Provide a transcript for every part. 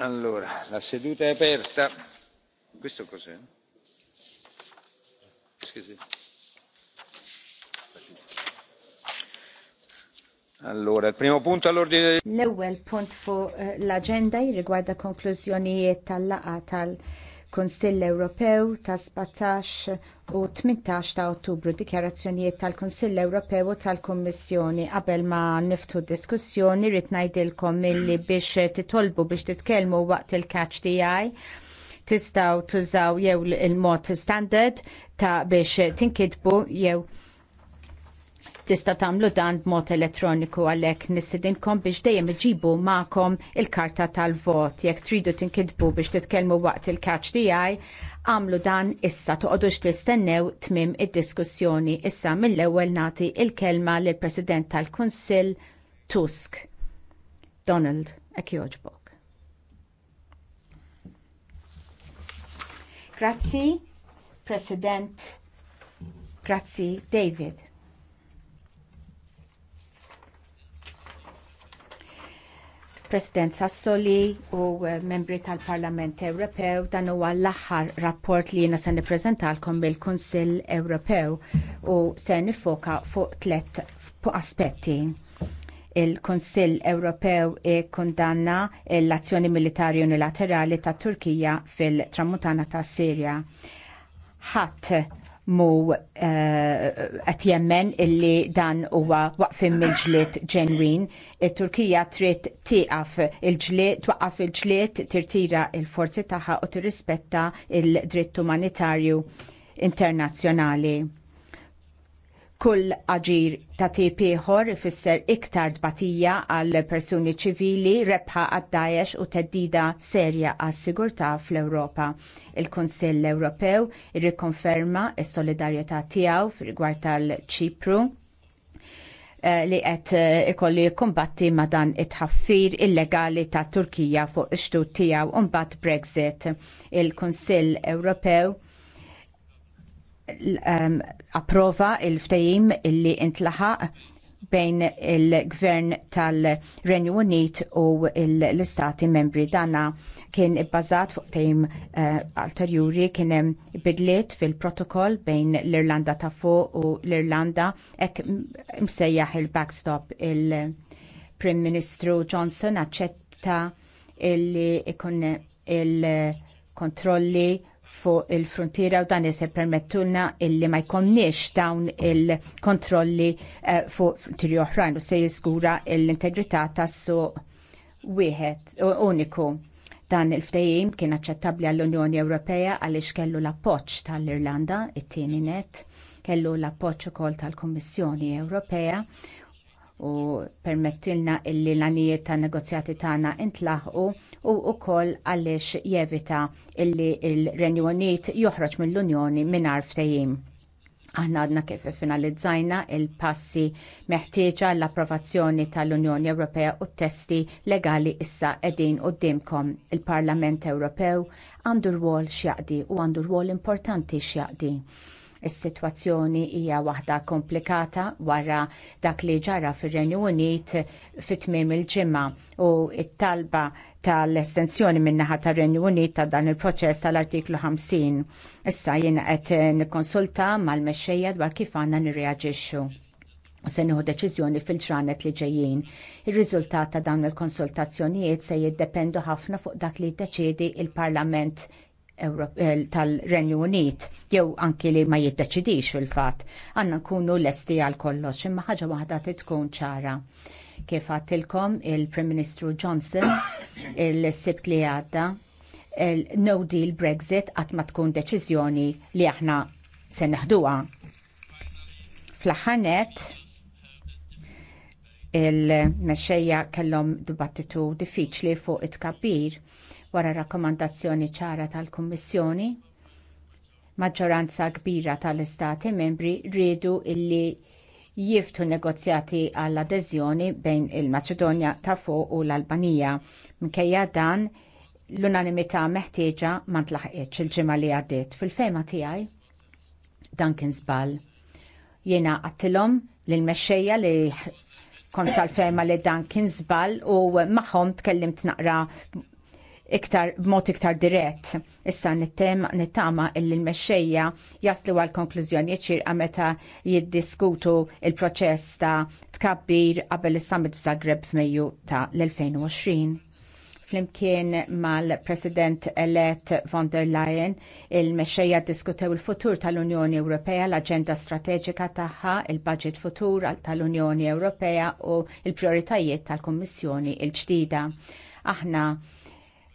Allora, la seduta è aperta. Questo cos'è? Scusi. Allora, il primo punto all'ordine del L-ewwel punt fuq eh, l riguarda conclusioni e tal-laqa tal consiglio europeo tas 17 u 18 ta' Ottubru dikjarazzjonijiet tal-Kunsill Ewropew u tal-Kummissjoni qabel ma niftu diskussjoni rrid ngħidilkom milli biex titolbu biex titkellmu waqt il-catch tiegħi tistgħu tużaw jew il-mod standard ta' biex tinkitbu jew tista' tagħmlu dan b'mod elettroniku għalhekk nistidinkom biex dejjem iġibu magħkom il-karta tal-vot. Jekk tridu tinkidbu biex titkellmu waqt il-catch tiegħi, għamlu dan issa toqgħodux tistennew tmim id-diskussjoni. Issa mill-ewwel nagħti il-kelma lill President tal-Kunsill Tusk. Donald, ek joġbok. Grazzi, President. Grazzi, David. President Sassoli u eh, membri tal-Parlament Ewropew dan huwa l-aħħar rapport li jiena se nippreżentalkom mill-Kunsill Ewropew u se nifoka fuq tliet aspetti. Il-Kunsill Ewropew ikkundanna l-azzjoni militari unilaterali tat Turkija fil tramutana tas Sirja. Ħadd mu eh, qed jemmen illi dan huwa waqfim mill-ġlied ġenwin. Turkija trid tieqaf il-ġlied, twaqqaf il-ġlied, tirtira il-forzi tagħha u tirrispetta il-dritt umanitarju internazzjonali Kull aġir ta' tip ieħor ifisser iktar tbatija għal persuni ċivili, rebħa għad daesh u teddida serja għas sigurtà fl-Ewropa. Il-Kunsill Ewropew irrikonferma s solidarjetà tiegħu rigward tal-Ċipru eh, li qed eh, ikolli kumbatti ma' dan it-ħaffir illegali ta' Turkija fuq ix xtud tiegħu u mbagħad Brexit. Il-Kunsill Ewropew approva il-ftehim illi intlaħaq bejn il-gvern tal-Renju Unit u l-istati membri dana kien ibbażat fuq tejm alterjuri eh, kien hemm bidliet fil-protokoll bejn l-Irlanda ta' fuq u l-Irlanda ek msejjaħ il-backstop il-Prim Ministru Johnson aċċetta illi ikun il-kontrolli fuq il-frontiera u dan se permettulna illi ma jkonniex dawn il-kontrolli eh, fuq tiri oħrajn u se jiżgura l-integrità tas-suq wieħed uniku. Dan il-ftehim kien aċċettabbli għall-Unjoni Ewropea għaliex kellu l-appoġġ tal-Irlanda, it-tieni net, kellu l-appoġġ ukoll tal-Kummissjoni Ewropea u permettilna illi l-għanijiet ta' negozjati tagħna intlaħqu u wkoll għaliex jevita illi l-Renju Unit joħroġ mill-Unjoni mingħajr ftehim. Aħna għadna kif finalizzajna il-passi meħtieġa l-approvazzjoni tal-Unjoni Ewropea u t-testi legali issa edin u dimkom. Il-Parlament Ewropew għandu rwol xjaqdi u għandu rwol importanti xjaqdi Is-sitwazzjoni hija waħda komplikata wara dak li ġara fir-Renju Unit fit-tmiem il-ġimgħa u t-talba tal-estensjoni min-naħa tar renju Unit ta' dan il-proċess tal-artiklu 50. Issa jiena qed nikkonsulta mal-mexxejja dwar kif għandna nirreaġixxu u se nieħu deċiżjoni fil-ġranet li ġejjin. Ir-riżultat ta' dawn il-konsultazzjonijiet se jiddependu ħafna fuq dak li jiddeċiedi l parlament Eh, tal-Renju Unit jew anki li ma jiddeċidix fil-fatt għandna nkunu lesti għal kollox imma ħaġa waħda tkun ċara. Kif għattilkom il-Prim Ministru Johnson il-sibt li għadda no deal Brexit qatt ma tkun deċiżjoni li aħna se neħduha. Fl-aħħar il-mexxejja kellhom dibattitu diffiċli fuq it tkabbir wara rakkomandazzjoni ċara tal-Kummissjoni. Maġġoranza kbira tal-Istati membri rridu illi jiftu negozjati għall adeżjoni bejn il-Maċedonja ta' fuq u l-Albanija. Minkejja dan l-unanimità meħtieġa ma tlaħqitx il-ġimgħa li għaddiet fil-fema tiegħi dan kien żball. Jiena qattilhom lill-mexxejja li kont tal-ferma li dan kien żball u magħhom tkellimt naqra iktar b'mod iktar dirett. Issa nittama illi l-mexxejja jaslu għal konklużjoni ċirqa meta jiddiskutu il-proċess ta' tkabbir qabel is-summit f'Zagreb f'Mejju ta' l-2020. Flimkien mal-President elett von der Leyen, il-mexxejja diskutew il-futur tal-Unjoni Ewropea, l-aġenda strateġika tagħha, il-budget futur tal-Unjoni Ewropea u l prijoritajiet tal-Kummissjoni l ġdida Aħna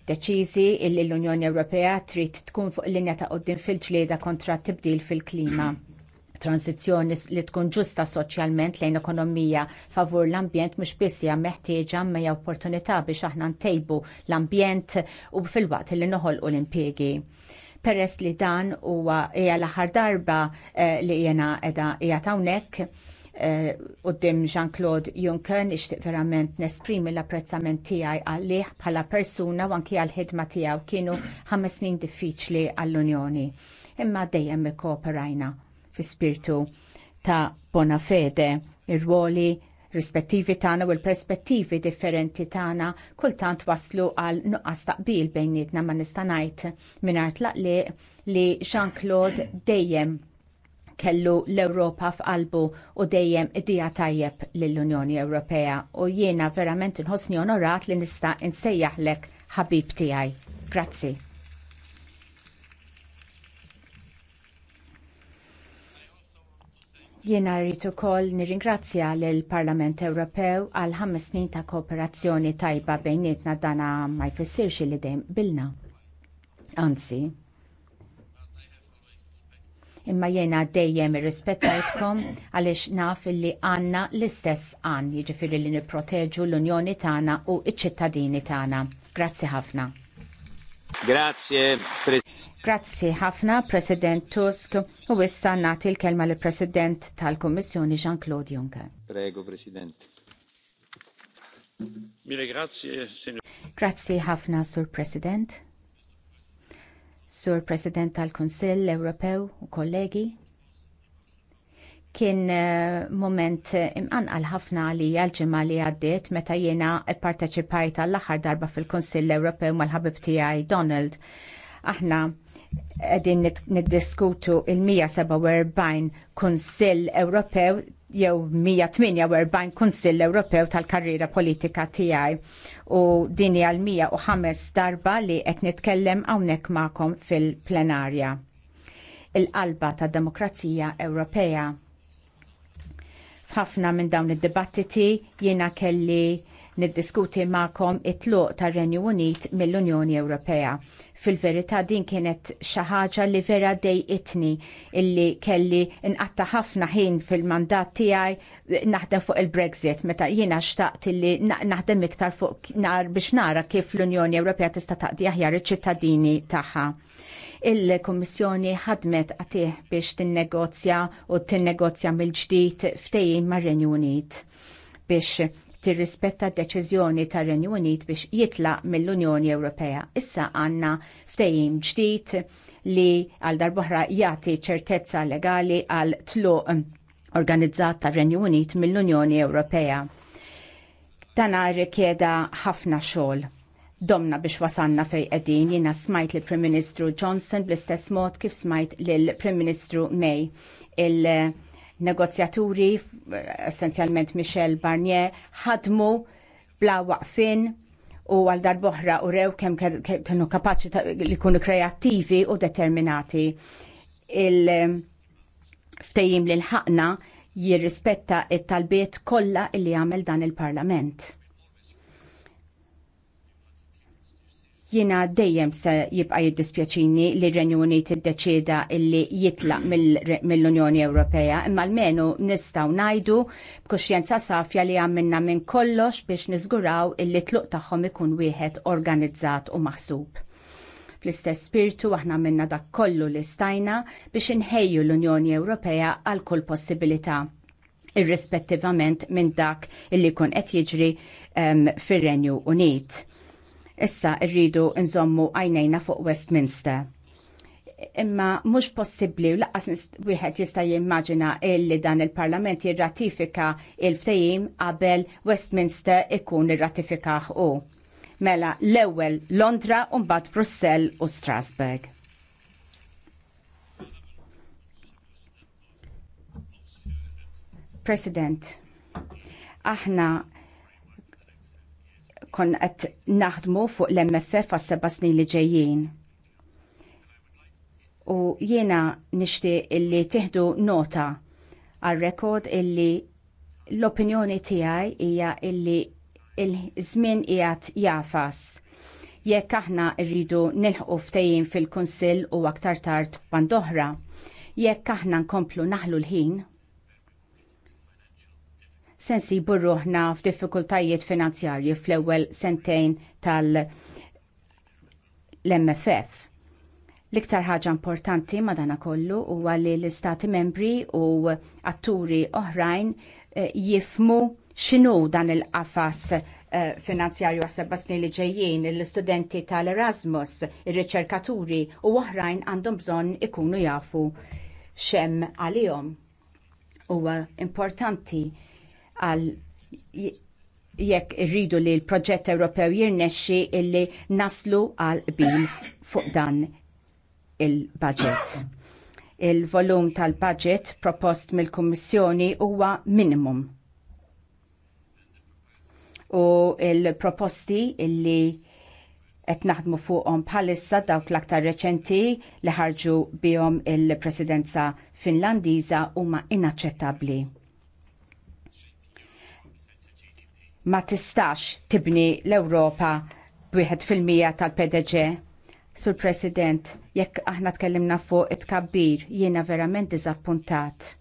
deċiżi illi l-Unjoni Ewropea trid tkun fuq linja ta' qoddim fil-ġlieda kontra t tibdil fil-klima transizzjoni li tkun ġusta soċjalment lejn ekonomija favur l-ambjent mhux biss hija meħtieġa mejja opportunità biex aħna ntejbu l-ambjent u fil-waqt li noħolqu l-impjiegi peress li dan huwa hija l-aħħar darba eh, li jena qiegħda hija hawnhekk Eh, qudiem Jean-Claude Juncker nixtieq verament nesprimi l-apprezzament tiegħi għalliħ bħala persuna u anki għall-ħidma tiegħu kienu ħames snin diffiċli għall-Unjoni. Imma dejjem kooperajna fi spirtu ta' bona fede, ir-ruoli rispettivi tagħna u l-perspettivi differenti tagħna kultant waslu għal nuqqas taqbil bejnietna ma nista' ngħid mingħajr tlaqliq li Jean-Claude dejjem kellu l-Ewropa f'qalbu u dejjem id-dija tajjeb lill-Unjoni Ewropea u jiena verament inħossni onorat li nista' insejjaħlek ħabib tiegħi. Grazzi. Jiena rrid ukoll nirringrazzja lill Parlament Ewropew għal ħames snin ta' kooperazzjoni tajba bejnietna dana ma jfissirx li dejjem bilna. Anzi, imma jiena dejjem irrispettajtkom għaliex naf li għandna l-istess għan jiġifieri li nipproteġu l-Unjoni tagħna u ċ-ċittadini tagħna. Grazzi ħafna. Grazie. Grazzi ħafna President Tusk u issa nagħti l-kelma lill President tal-Kummissjoni Jean-Claude Juncker. Prego President. Grazie ħafna Sur President. Sur President tal-Kunsill Ewropew u kollegi, kien eh, moment imqanqal ħafna li għal-ġimgħa li għaddiet meta jiena pparteċipajt għall-aħħar darba fil-Kunsill Ewropew mal-ħabib tiegħi Donald. Aħna qegħdin niddiskutu il-147 Kunsill Ewropew jew 148 Kunsill Ewropew tal-karriera politika tiegħi u dini għal 105 darba li qed nitkellem hawnhekk magħkom fil-plenarja. Il-qalba tad demokrazija Ewropea. F'ħafna minn dawn id-dibattiti jiena kelli niddiskuti ma'kom it-tluq tar-Renju Unit mill-Unjoni Ewropea. Fil-verità din kienet xi ħaġa li vera dej itni illi kelli nqatta ħafna ħin fil-mandat tiegħi eh, naħdem fuq il-Brexit meta jiena xtaqt illi naħdem iktar fuq nar biex nara kif l-Unjoni Ewropea tista' taqdi aħjar iċ-ċittadini tagħha il-Kommissjoni ħadmet għatih biex tinnegozja u tinnegozja mill-ġdid ftejjin mar-Renju Unit biex tirrispetta d-deċiżjoni tar-Renju Unit biex jitlaq mill-Unjoni Ewropea. Issa għandna ftehim ġdid li għal darbohra jagħti ċertezza legali għal tluq organizzat tar-Renju Unit mill-Unjoni Ewropea. Tana rikjeda ħafna xogħol domna biex wasanna fej qegħdin jiena smajt lill prim Ministru Johnson bl-istess mod kif smajt lill prim Ministru May il- Negozjaturi, essenzjalment Michel Barnier, ħadmu bla waqfin u għal darboħra u rew kem kienu kapaċi li kunu kreativi u determinati. Il-ftejim li l-ħakna jirrispetta it-talbiet kollha li għamel dan il-parlament. Jiena dejjem se jibqa' jiddispjaċini li r-Renju Unit iddeċieda illi jitlaq mill-Unjoni Ewropea, imma l-menu nistgħu ngħidu b'kuxjenza safja li għamilna minn kollox biex niżguraw illi tluq tagħhom ikun wieħed organizzat u maħsub. Fl-istess spiritu aħna minna dak kollu li stajna biex inħejju l-Unjoni Ewropea għal kull possibilità irrispettivament minn dak illi kun qed jiġri ehm, fir-Renju Unit Issa rridu nżommu għajnejna fuq Westminster. Imma mhux possibbli u laqas wieħed jista' jimmaġina illi dan il-Parlament jirratifika il-ftehim qabel Westminster ikun irratifikah u. Mela l-ewwel Londra u mbagħad Brussell u Strasbourg. President, aħna kon qed naħdmu fuq l-MFF għas seba' snin li ġejjin. U jiena nixtieq illi tieħdu nota għal rekord illi l-opinjoni tiegħi hija illi il-żmien qiegħed jafas jekk aħna rridu nilħqu ftehim fil-Kunsill u aktar tard bandoħra, jekk aħna nkomplu naħlu l-ħin se burruħna ruħna f'diffikultajiet finanzjarji fl-ewwel sentejn tal-MFF. L-iktar ħaġa importanti kollu huwa li l-istati membri u atturi oħrajn eh, jifmu x'inhu dan il-qafas eh, finanzjarju għas-seba' snin li ġejjin l-istudenti tal-Erasmus, ir-riċerkaturi u oħrajn għandhom bżonn ikunu jafu xem għalihom. Huwa importanti għal jekk irridu li l-proġett Ewropew jirnexxi illi naslu għal bil fuq dan il-budget. Il-volum tal-budget propost mill-Kummissjoni huwa minimum. U il-proposti illi qed naħdmu fuqhom bħalissa dawk l-aktar reċenti li ħarġu bihom il-Presidenza Finlandiża huma inaċċettabbli ma tistax tibni l-Ewropa wieħed fil-mija tal-PDG. Sur President, jekk aħna tkellimna fuq it-kabbir, jiena verament diżappuntat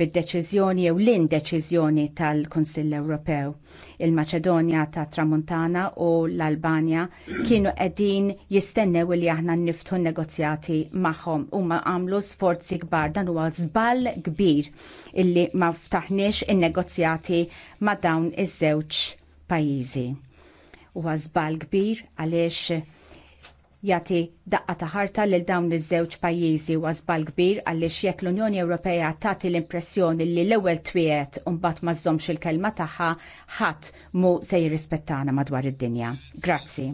bid-deċiżjoni jew l-indeċiżjoni tal-Kunsill Ewropew. Il-Maċedonja ta' Tramuntana u l-Albanja kienu qegħdin jistennew li aħna niftu negozjati magħhom u ma għamlu sforzi kbar dan huwa żball kbir illi ma ftaħniex in-negozjati ma' dawn iż-żewġ pajjiżi. Huwa żball kbir għaliex Jati daqqa ta' ħarta lil dawn iż-żewġ pajjiżi u kbir għaliex jekk l-Unjoni Ewropea tagħti l-impressjoni li l-ewwel twiet u mbagħad ma żżommx il-kelma tagħha ħadd mu se jirrispettana madwar id-dinja. Grazzi.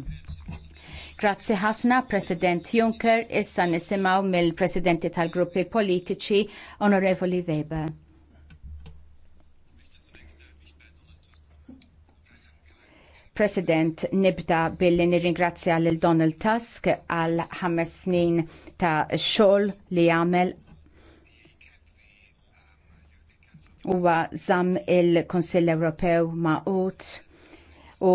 Grazzi ħafna, President Juncker. Issa nisimaw mill-Presidenti tal-Gruppi Politiċi, Onorevoli Weber. President, nibda billi nirringrazzja lil Donald Tusk għal ħames snin ta' xogħol li għamel huwa żamm il-Kunsill Ewropew maqut u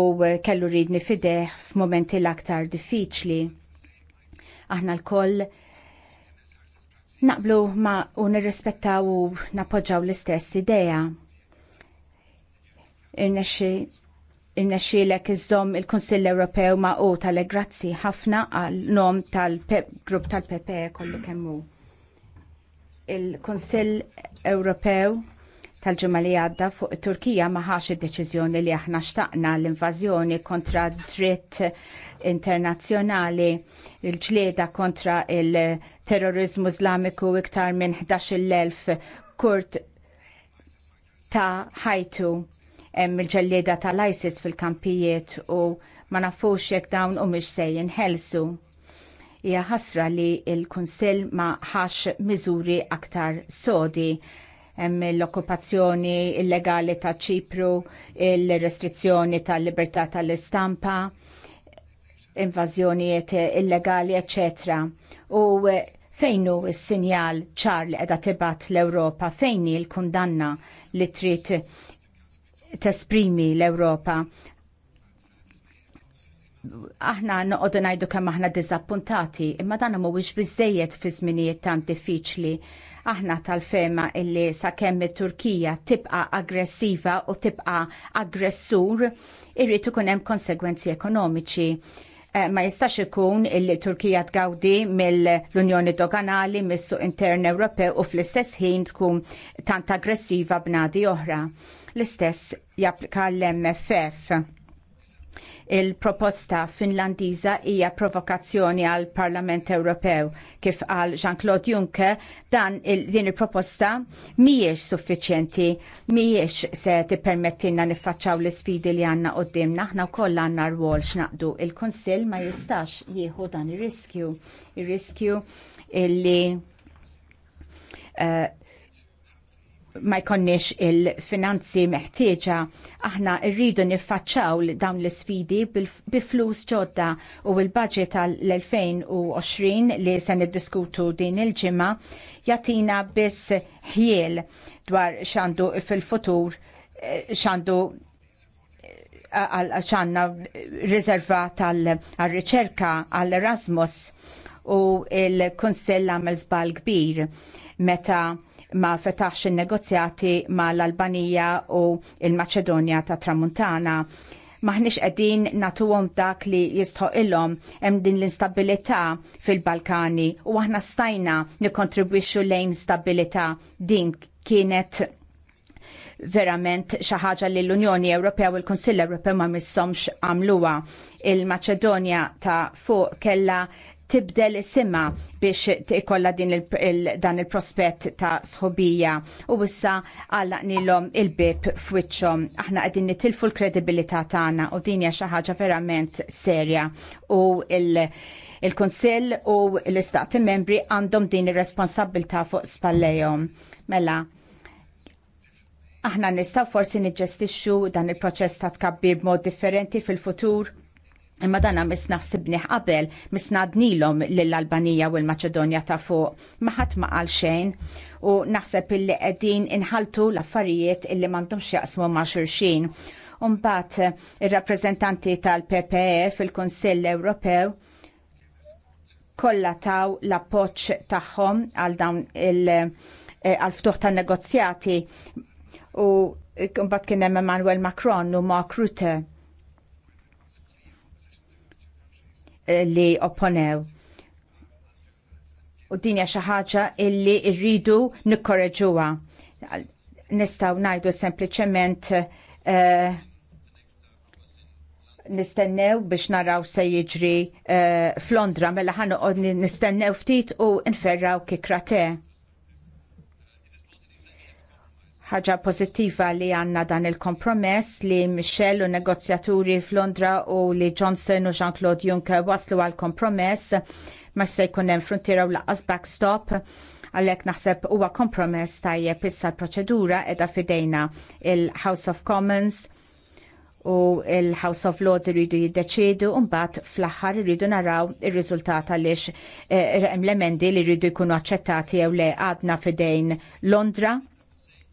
kellu ridni fideħ f'momenti l-aktar diffiċli. Aħna l-koll naqblu ma' u nirrispettaw u napoġġaw l-istess idea. Irnexxi Irnexxielek iżżomm il-Kunsill Ewropew ma' u tal-grazzi ħafna għal nom tal-grupp tal-PPE kollu kemm hu. Il-Kunsill Ewropew tal-ġimgħa li għadda fuq it-Turkija ma ħax id-deċiżjoni li aħna xtaqna l-invażjoni kontra dritt internazzjonali il-ġlieda kontra il-terrorizmu Islamiku iktar minn 11,000 kurt ta' ħajtu hemm il-ġellieda tal-ISIS fil-kampijiet u ma nafux jekk dawn u se jinħelsu. Hija ħasra li l-Kunsill ma ħax miżuri aktar sodi hemm l-okkupazzjoni illegali ta' Ċipru, il-restrizzjoni tal-libertà tal-istampa, invażjonijiet illegali, eċċetera. U eh, fejn hu s-sinjal ċar li qiegħda tibgħat l-Ewropa, fejn l-kundanna li trid tesprimi l-Ewropa aħna noqogħdu ngħidu kemm aħna diżappuntati, imma dan mhuwiex biżejjed fi żminijiet tant diffiċli. Aħna tal-fema illi sakemm it-Turkija tibqa aggressiva u tibqa aggressur, irrid ikun hemm konsegwenzi ekonomiċi. Eh, ma jistax ikun il-Turkija tgawdi mill-Unjoni Doganali, mis-Suq Intern Ewropew u fl-istess ħin tkun tant aggressiva b'nadi oħra L-istess japplika l-MFF. Il-proposta Finlandiża hija provokazzjoni għal Parlament Ewropew. Kif għal Jean-Claude Juncker, dan din il-proposta mhijiex suffiċjenti, mhijiex se tippermettilna niffaċċaw l-isfidi li għandna qudiemna. Aħna wkoll għandna rwol x'naqdu. Il-Kunsill ma jistax jieħu dan ir-riskju. Ir-riskju illi eh, ma jkonniex il-finanzi meħtieġa, aħna rridu niffaċċaw dawn l-sfidi biflus ġodda u l-budget tal-2020 li se niddiskutu din il-ġimma jatina biss ħiel dwar xandu fil-futur xandu xanna ċanna riserva tal-riċerka għal-Erasmus u il-Konsell għamel zbal kbir meta ma fetaħx il-negozjati ma l-Albanija u il-Maċedonja ta' Tramuntana maħnix qegħdin natuhom dak li jistħoq ilhom hemm din l-instabilità fil-Balkani u aħna stajna nikkontribwixxu lejn stabilità din kienet verament xi ħaġa li l-Unjoni Ewropea u l-Kunsill Ewropew ma missomx għamluha. Il-Maċedonja ta' fuq kella tibdel is-sima biex ikolla din il dan il-prospett ta' sħobija u issa għallaqnilhom il-bib f'wiċċhom. Aħna qegħdin nitilfu l-kredibilità tagħna u din hija xi ħaġa verament serja u il- il-Konsill u l-Istati membri għandhom din ir-responsabilità fuq spallejhom. Mela, aħna nistgħu forsi niġġestixxu dan il-proċess ta' tkabbir b'mod differenti fil-futur Imma dana mis naħsibni qabel, mis nadnilom l-Albanija u l-Maċedonja ta' fuq, maħat ma qal xejn u naħseb illi qegħdin inħaltu l-affarijiet illi m'għandhomx jaqsmu ma' xurxin. Umbat ir-rappreżentanti tal-PPE fil-Kunsill Ewropew kollha taw l-appoġġ tagħhom għal dawn il-ftuħ eh, tan-negozjati u eh, mbagħad kien hemm Emmanuel Macron u Mark Rutte li opponew. U dinja xi ħaġa illi rridu nikkoreġuha. Nistgħu ngħidu sempliċement eh, nistennew biex naraw se jiġri uh, f'Londra mela ħanoqod nistennew ftit u nferraw kikra te ħaġa pozittiva li għanna dan il-kompromess li Michel u negozjaturi f'Londra u li Johnson u Jean-Claude Juncker waslu għal kompromess ma se jkun hemm frontiera u laqqas backstop għalhekk naħseb huwa kompromess tajjeb issa l-proċedura qiegħda fidejna il-House of Commons u il-House of Lords irridu jiddeċidu mbagħad fl-aħħar iridu naraw ir-riżultat għaliex eh, l-emendi li rridu jkunu aċċettati jew le għadna fidejn Londra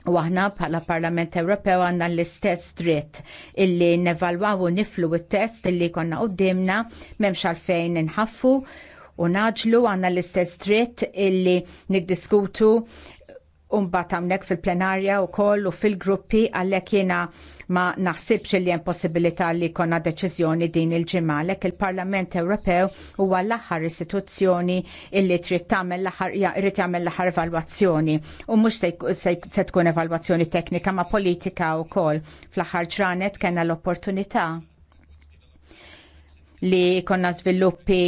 U aħna bħala Parlament Ewropew għandna l-istess dritt illi nevalwaw u niflu t test illi konna qoddimna memx għalfejn nħaffu u naġlu għandna l-istess dritt illi niddiskutu Umbat għamnek fil-plenarja u koll u fil-gruppi għallek jena ma naħsibx li jen possibilità li konna deċizjoni din il-ġimalek il-Parlament Ewropew u għall-axar istituzzjoni illi trid tagħmel irid jagħmel l aħħar evalwazzjoni u mhux se tkun evalwazzjoni teknika ma politika wkoll fl-aħħar ġranet kellna l-opportunità li konna sviluppi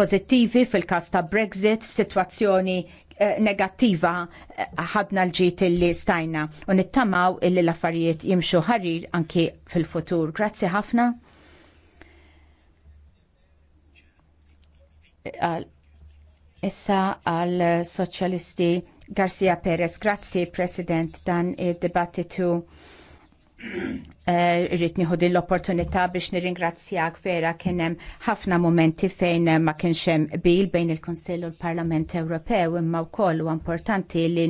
pozittivi fil-kas ta' Brexit f'sitwazzjoni Eh, negattiva eh, ħadna l ġiet illi stajna u nittamaw illi l-affarijiet jimxu ħarir anki fil-futur. Grazzi ħafna. Issa għal soċjalisti Garcia Perez, grazzi President dan id-dibattitu Eh, Rrit nieħu din l-opportunità biex nirringrazzjak vera kien hemm ħafna momenti fejn ma kienx hemm bil bejn il-Kunsill u l-Parlament Ewropew imma wkoll huwa importanti li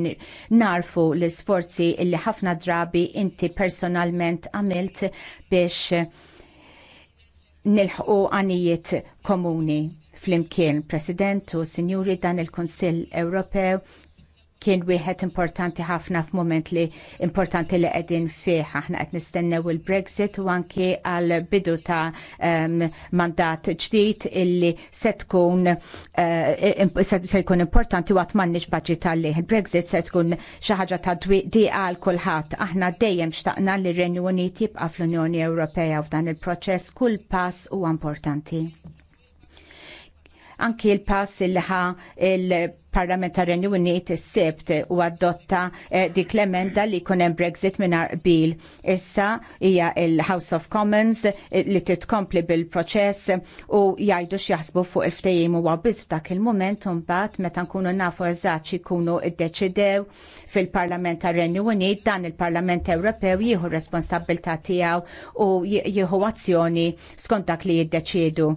narfu l-isforzi li ħafna drabi inti personalment għamilt biex nilħqu għanijiet komuni flimkien President u Sinjuri dan il-Kunsill Ewropew kien wieħed importanti ħafna f'mument li importanti li qegħdin fih aħna qed nistennew il-Brexit u anke għal bidu ta' um, mandat ġdid illi se tkun uh, se jkun importanti waqt m'għandniex baġit għalih. Il-Brexit se tkun xi ħaġa ta' diqa għal kulħadd. Aħna dejjem xtaqna li r-Renju Unit jibqa' fl-Unjoni Ewropea u f'dan il-proċess kull pass huwa importanti. Anki l-pass il ħa il-parlamentarju unit is-sebt u adotta eh, dik l-emenda li kunem Brexit mingħajr qbil. Issa hija il-House of Commons eh, li titkompli bil-proċess u jgħidu x'jaħsbu fuq il ftejim u biss f'dak il-moment mbagħad meta nkunu nafu eżatt x'ikunu ddeċidew fil tar-Renju unit dan il-Parlament Ewropew jieħu r-responsabbilta' tiegħu u jieħu azzjoni skont dak li jiddeċiedu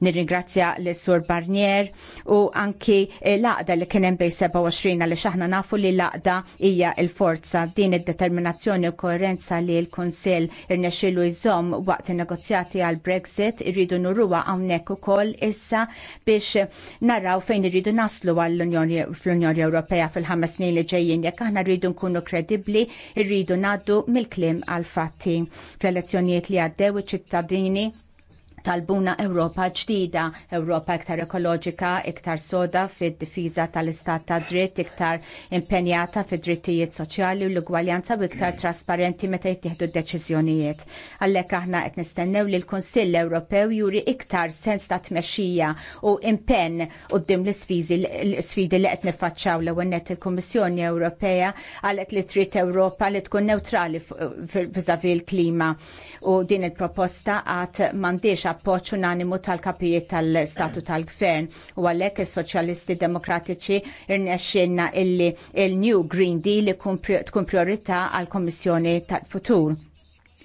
Nirringrazzja l sur Barnier u anki eh, l-aqda li kienem bej 27 li xaħna nafu li l-aqda hija il-forza din id-determinazzjoni u koerenza li l-Konsil irnexilu jżom waqt negozjati għal Brexit irridu nurruwa għawnek u koll issa biex naraw fejn irridu naslu għall-Unjoni fl-Unjoni Ewropea fil-ħames snin li ġejjin jekk aħna rridu nkunu kredibbli, irridu naddu mill-klim għal fatti. Fl-elezzjonijiet li għaddew iċ-ċittadini talbuna Ewropa ġdida, Ewropa iktar ekoloġika, iktar soda fid-difiża tal-istat ta' dritt, iktar impenjata fid-drittijiet soċjali u l-ugwaljanza u iktar trasparenti meta jittieħdu d-deċiżjonijiet. Għalhekk aħna qed nistennew li l-Kunsill Ewropew juri iktar sens ta' tmexxija u impenn quddiem l-sfidi li qed niffaċċaw l-ewwel net il-Kummissjoni Ewropea għalhekk li trid Ewropa li tkun neutrali viżavi l-klima u din il-proposta għad m'għandix l-appoċ unanimu tal-kapijiet tal-statu tal-gvern u għalhekk is-soċjalisti demokratiċi irnexxinna illi il-New Green Deal tkun priorità għall kummissjoni tal-Futur.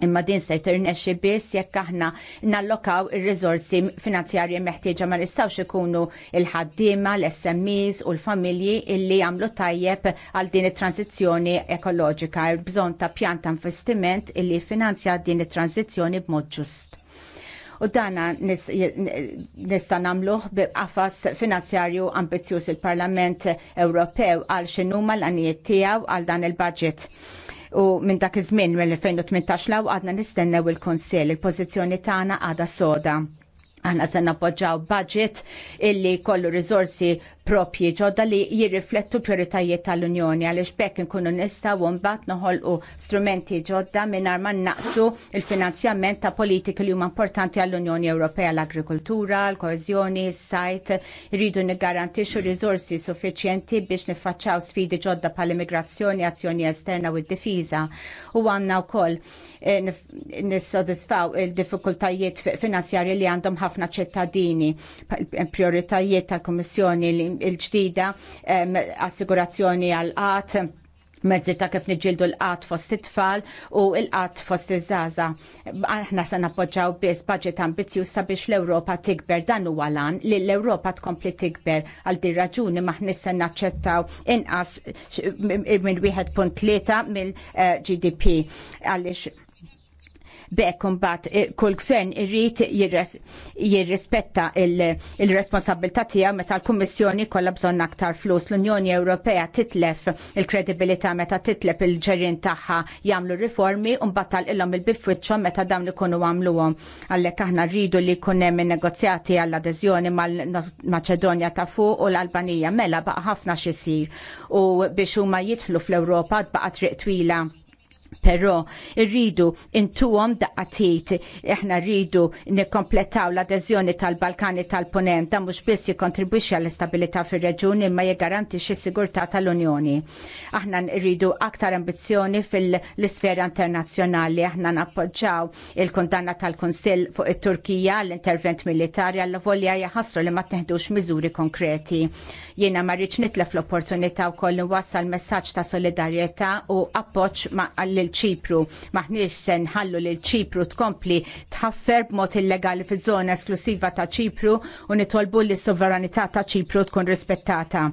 Imma din se tirnexxi biss jekk aħna nallokaw ir-riżorsi finanzjarji meħtieġa ma nistgħux ikunu il-ħaddiema, l-SMEs u l-familji illi jagħmlu tajjeb għal din it-tranzizzjoni ekoloġika. Bżonn ta' pjan ta' investiment illi finanzja din it-tranzizzjoni b'mod ġust u dana nista' nagħmluh b'qafas finanzjarju ambizjuż il-Parlament Ewropew għal xinuma l-għanijiet tiegħu għal dan il-budget. U minn dak iż-żmien mill-2018 law għadna nistennew il-Kunsill il-pożizzjoni tagħna għadha soda. Aħna se nappoġġaw budget illi kollu rizorsi propji ġodda li jirriflettu prioritajiet tal-Unjoni għaliex bekk nkunu u mbagħad noħolqu strumenti ġodda mingħajr ma naqsu il-finanzjament ta' politiki li huma importanti għall-Unjoni Ewropea l-agrikoltura, l-koeżjoni, s-sajt, irridu niggarantixxu riżorsi suffiċjenti biex niffaċċaw sfidi ġodda bħall-immigrazzjoni, azzjoni esterna u d-difiża. U għandna wkoll eh, nissodisfaw il-diffikultajiet finanzjarji li għandhom ħafna ċittadini, prioritajiet tal-Kummissjoni li il-ġdida assigurazzjoni għal-qat mezzi ta' kif niġildu l-qat fost it-tfal u l-qat fost iż-żaza. Aħna se nappoġġaw biss budget ambizzjuż sabiex l-Ewropa tikber dan huwa lan li l-Ewropa tkompli tikber għal din raġuni maħnis se naċċettaw inqas minn 1.3 mill-GDP eh, għaliex bekkum imbagħad eh, kull gvern irrid jirrispetta il-responsabilità tiegħu meta l-Kummissjoni kolla bżonn aktar flus. L-Unjoni Ewropea titlef il-kredibilità meta titlef il ġerin tagħha jagħmlu riformi u mbagħad tal il-bifwiċċhom meta dawn ikunu għom. Għalhekk aħna rridu li jkun hemm negozjati għall-adeżjoni mal-Maċedonja ta' fuq u l-Albanija mela baqa' ħafna xisir u biex huma jidħlu fl-Ewropa tbaqa' triq twila però rridu intuhom daqqatit. Aħna rridu nikkompletaw l-adeżjoni tal-Balkani tal-Punent mux mhux biss jikkontribwixxi għall-istabilità fir reġuni imma jiggarantixxi s sigurta tal-Unjoni. Aħna rridu aktar ambizzjoni fil-isfera internazzjonali, aħna nappoġġaw il-kundanna tal-Kunsill fuq it-Turkija l-intervent militari għall volja jaħasru li ma teħdux miżuri konkreti. Jiena ma rridx nitlef l-opportunità wkoll nwassal messaġġ ta' solidarjetà u appoġġ ma' ċipru. Maħniex se nħallu li ċipru tkompli tħaffer b'mod illegali fi żona esklusiva ta' ċipru u nitolbu li s-sovranità ta' ċipru tkun rispettata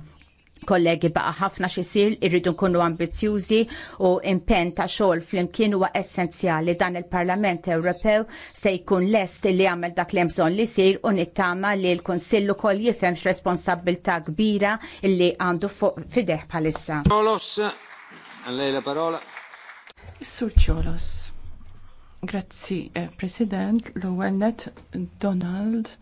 kollegi baqa ħafna xisir irridu nkunu ambizjużi u impen ta' xogħol flimkien huwa essenzjali dan il-Parlament Ewropew se jkun lest li għamel dak li bżonn li jsir u nittama li l-Kunsill ukoll jifhem x'responsabbiltà kbira li għandu fuq fideh bħalissa. Sur Ċolos. Grazzi, eh, President, l Donald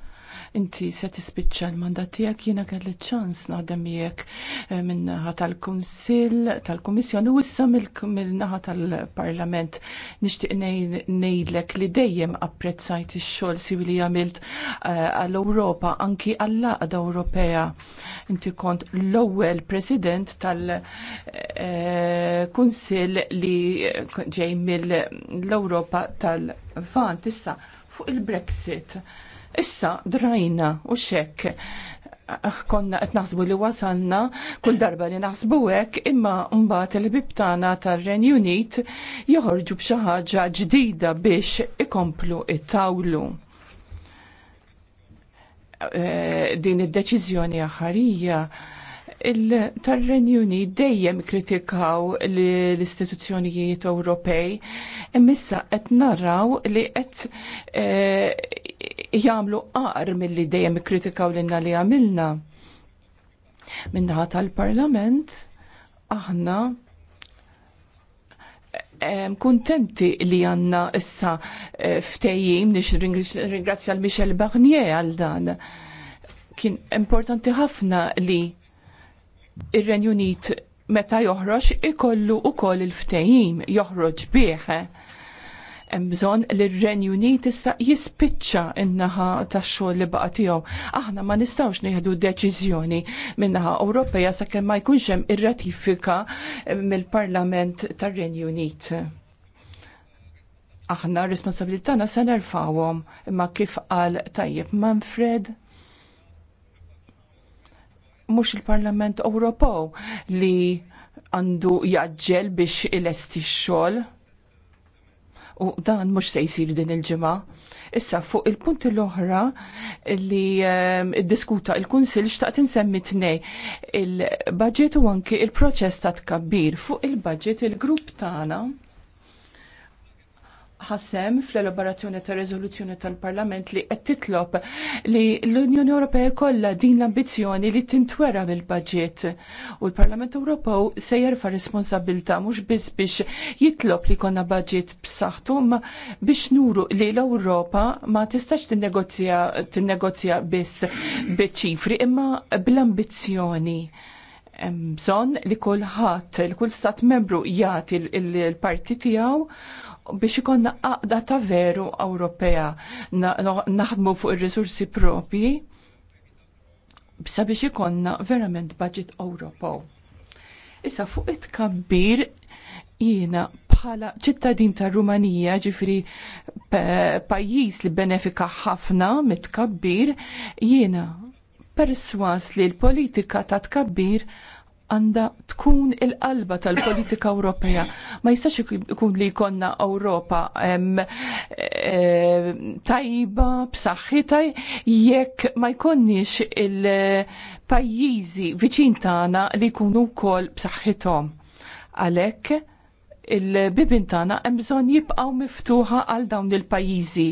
inti se tispiċċa l-mandat tiegħek jiena kelli ċans naħdem miegħek eh, min-naħa tal-Kunsill, tal-Kummissjoni u issa min-naħa tal-Parlament. Nixtieq ngħidlek li dejjem apprezzajt ix-xogħol siwi li għamilt eh, għall-Ewropa anki għall-laqda Ewropea. Inti kont l-ewwel President tal-Kunsill eh, li ġej mill-Ewropa tal-Vant issa fuq il-Brexit Issa drajna u xekk konna qed naħsbu li wasalna kull darba li naħsbu hekk imma mbagħad il bibtana tagħna tar-Renju Unit joħorġu b'xi ħaġa ġdida biex ikomplu it-tawlu. E, din id-deċiżjoni aħħarija tar-Renjuni dejjem kritikaw l-istituzzjonijiet Ewropej, emissa qed naraw li qed e, Jamlu qar milli dejjem ikkritikaw lilna li għamilna. Minnaħa tal-Parlament aħna kontenti li għanna issa eh, ftejjim nix ringrazzja l-Michel Barnier għal dan. Kien importanti ħafna li ir-Renju Unit meta joħroġ ikollu u koll il-ftejjim joħroġ bieħe eh. Hemm bżonn li r-Renju Unit issa jispiċċa in-naħa tax-xogħol li baqa' tiegħu. Aħna ma nistgħux nieħdu deċiżjoni min-naħa Ewropea sakemm ma jkunx hemm irratifika eh, mill-Parlament tar-Renju Unit. Aħna r responsabilitana se nerfawhom imma kif qal tajjeb Manfred mhux il-Parlament Ewropew li għandu jaġġel biex ilesti x-xogħol u dan mhux se jsir din il-ġimgħa. Issa fuq il-punti l-oħra li ehm, diskuta il-Kunsil xtaqt insemmi tnej il-budget u anki il-proċess ta' tkabbir fuq il-budget il-grupp tagħna ħassem fl-elaborazzjoni ta' rezoluzzjoni tal-Parlament li qed titlob li l-Unjoni Ewropea kollha din l-ambizzjoni li tintwera mill-budget u l-Parlament Ewropew se jerfa' responsabilità mhux biss biex jitlob li jkollna budget b'saħħtu ma biex nuru li l-Ewropa ma tistax tinnegozja tinnegozja biss biċ-ċifri imma bl-ambizzjoni bżonn li kulħadd, li kull stat membru jagħti l-parti tiegħu biex ikonna għaqda ta' veru Ewropea naħdmu fuq ir-risursi propji sabiex ikonna verament budget Ewropew. Issa fuq it-kabbir jiena bħala ċittadin ta' Rumanija, ġifri pajjiż li benefika ħafna mit-kabbir, jiena perswas li l-politika ta' tkabbir għanda tkun il-qalba tal-politika Ewropea. Ma jistax ikun li konna Ewropa tajba, b'saħħitaj, jekk ma jkonniex il-pajjiżi viċin tagħna li jkunu wkoll b'saħħithom. Għalhekk il-bibin hemm bżonn jibqgħu miftuħa għal dawn il-pajjiżi.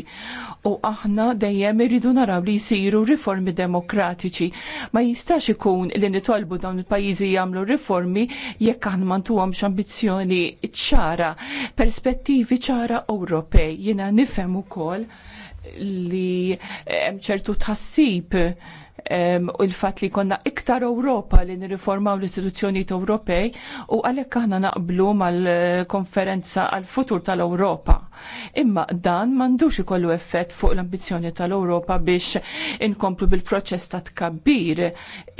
U aħna dejjem irridu naraw li jsiru riformi demokratiċi. Ma jistax ikun li nitolbu dawn il-pajjiżi jagħmlu riformi jekk aħna m'għandhomx ambizzjoni ċara, perspettivi ċara Ewropej. Jiena nifhem ukoll li hemm ċertu tħassib u l-fat li konna iktar Ewropa li nirriformaw l-istituzzjonijiet Ewropej u għalhekk aħna naqblu mal-konferenza għal futur tal-Ewropa. Imma dan m'għandux ikollu effett fuq l-ambizzjoni tal-Ewropa biex inkomplu bil-proċess ta' tkabbir.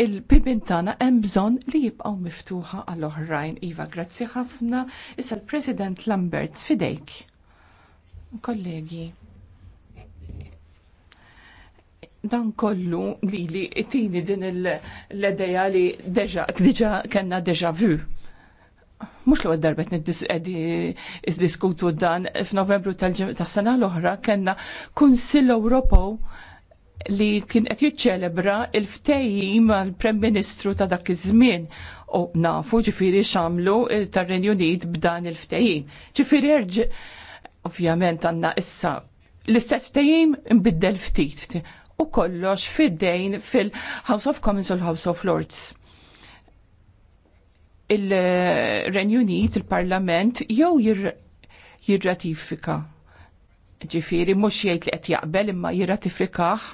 il pibin tagħna hemm bżonn li jibqgħu miftuħa għall oħrajn Iva, grazzi ħafna. Issa l-President Lambert fidejk. Kollegi dan kollu li li itini din l-edeja li deġa, diġa kena deġa vu. Mux l darbet niddiskutu dan f'Novembru tal-sena l-oħra kena Kunsill Ewropew li kien qed jiċċelebra il-ftejjim mal-Prem Ministru ta' dak iż-żmien u nafu ġifieri xamlu tar-Renju Unit b'dan il-ftejjim. Ġifieri ovvjament għandna issa l-istess ftejjim imbiddel ftit u kollox fid-dejn fil-House of Commons u l-House of Lords il-Renju Unit, il-Parlament, jew jirratifika. Ġifiri, mux jgħid li qed jaqbel imma jirratifikaħ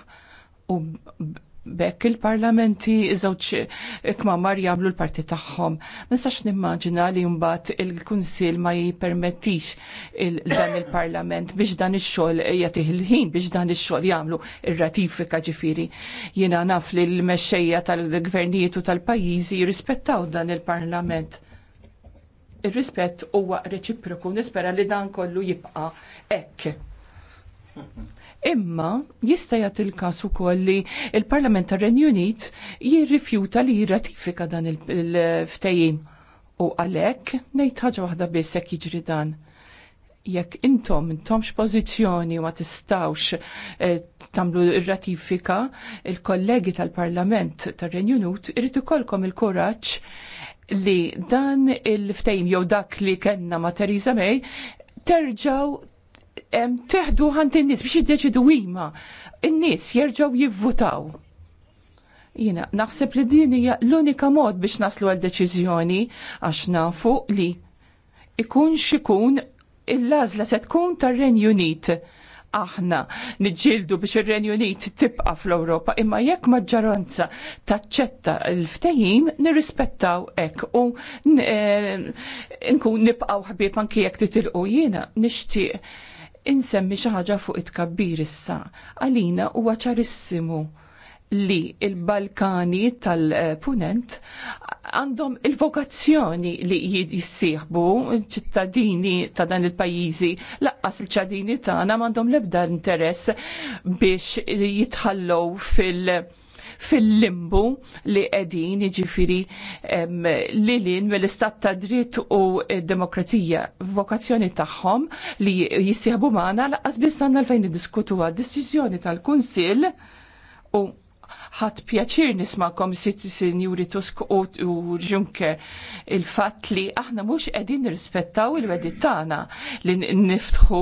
u bekk il-parlamenti ikma kmamar jagħmlu l-parti tagħhom. Ma nistax nimmaġina li mbagħad il-Kunsill ma jippermettix il dan il-Parlament biex dan ix-xogħol jagħtih il-ħin biex dan ix-xogħol jagħmlu il ratifika ġifieri. jina naf li l mesċeja tal-gvernijiet u tal-pajjiżi jirrispettaw dan il-Parlament. Ir-rispett huwa reċiproku, nispera li dan kollu jibqa' hekk. Imma jista' jagħti l-każ ukoll li l-Parlament tar-Renju Unit jirrifjuta li jirratifika dan il-ftehim. U għalhekk ngħid ħaġa waħda biss jekk jiġri dan. Jekk intom intomx pożizzjoni ma tistawx eh, tagħmlu r-ratifika, il-kollegi tal-Parlament tar-Renju Unit irid ikollkom il-kuraġġ li dan il-ftejm jew dak li kellna ma' Theresa May terġaw teħdu ħant in-nies biex jiddeċidu wima. In-nies jerġgħu jivvutaw. Jina, naħseb li din hija l-unika mod biex naslu għal deċiżjoni għax nafu li ikun xikun il-lażla se tkun tar-Renju Unit aħna niġġieldu biex ir-Renju Unit tibqa' fl-Ewropa, imma jekk maġġoranza taċċetta l-ftehim nirrispettaw hekk u eh, nkun nibqgħu ħbieb anke jekk titilqu jiena nixtieq insemmi xi ħaġa fuq it-kabbir issa. Għalina huwa ċarissimu li il-Balkani tal-Punent għandhom il-vokazzjoni li jissieħbu ċittadini ta' dan il-pajizi laqqas il-ċadini tagħna m'għandhom l-ebda interess biex jitħallow fil- fil-limbu li qegħdin jiġifieri lilin mill-istat ta' dritt u demokrazija vokazzjoni tagħhom li jissieħbu magħna laqas biss għandna l fejn niddiskutuha deċiżjoni tal-Kunsill u ħadd pjaċir nismakom Sinjuri Tusk u Juncker il-fatt li aħna mhux qegħdin nirrispettaw il-wedit tagħna li niftħu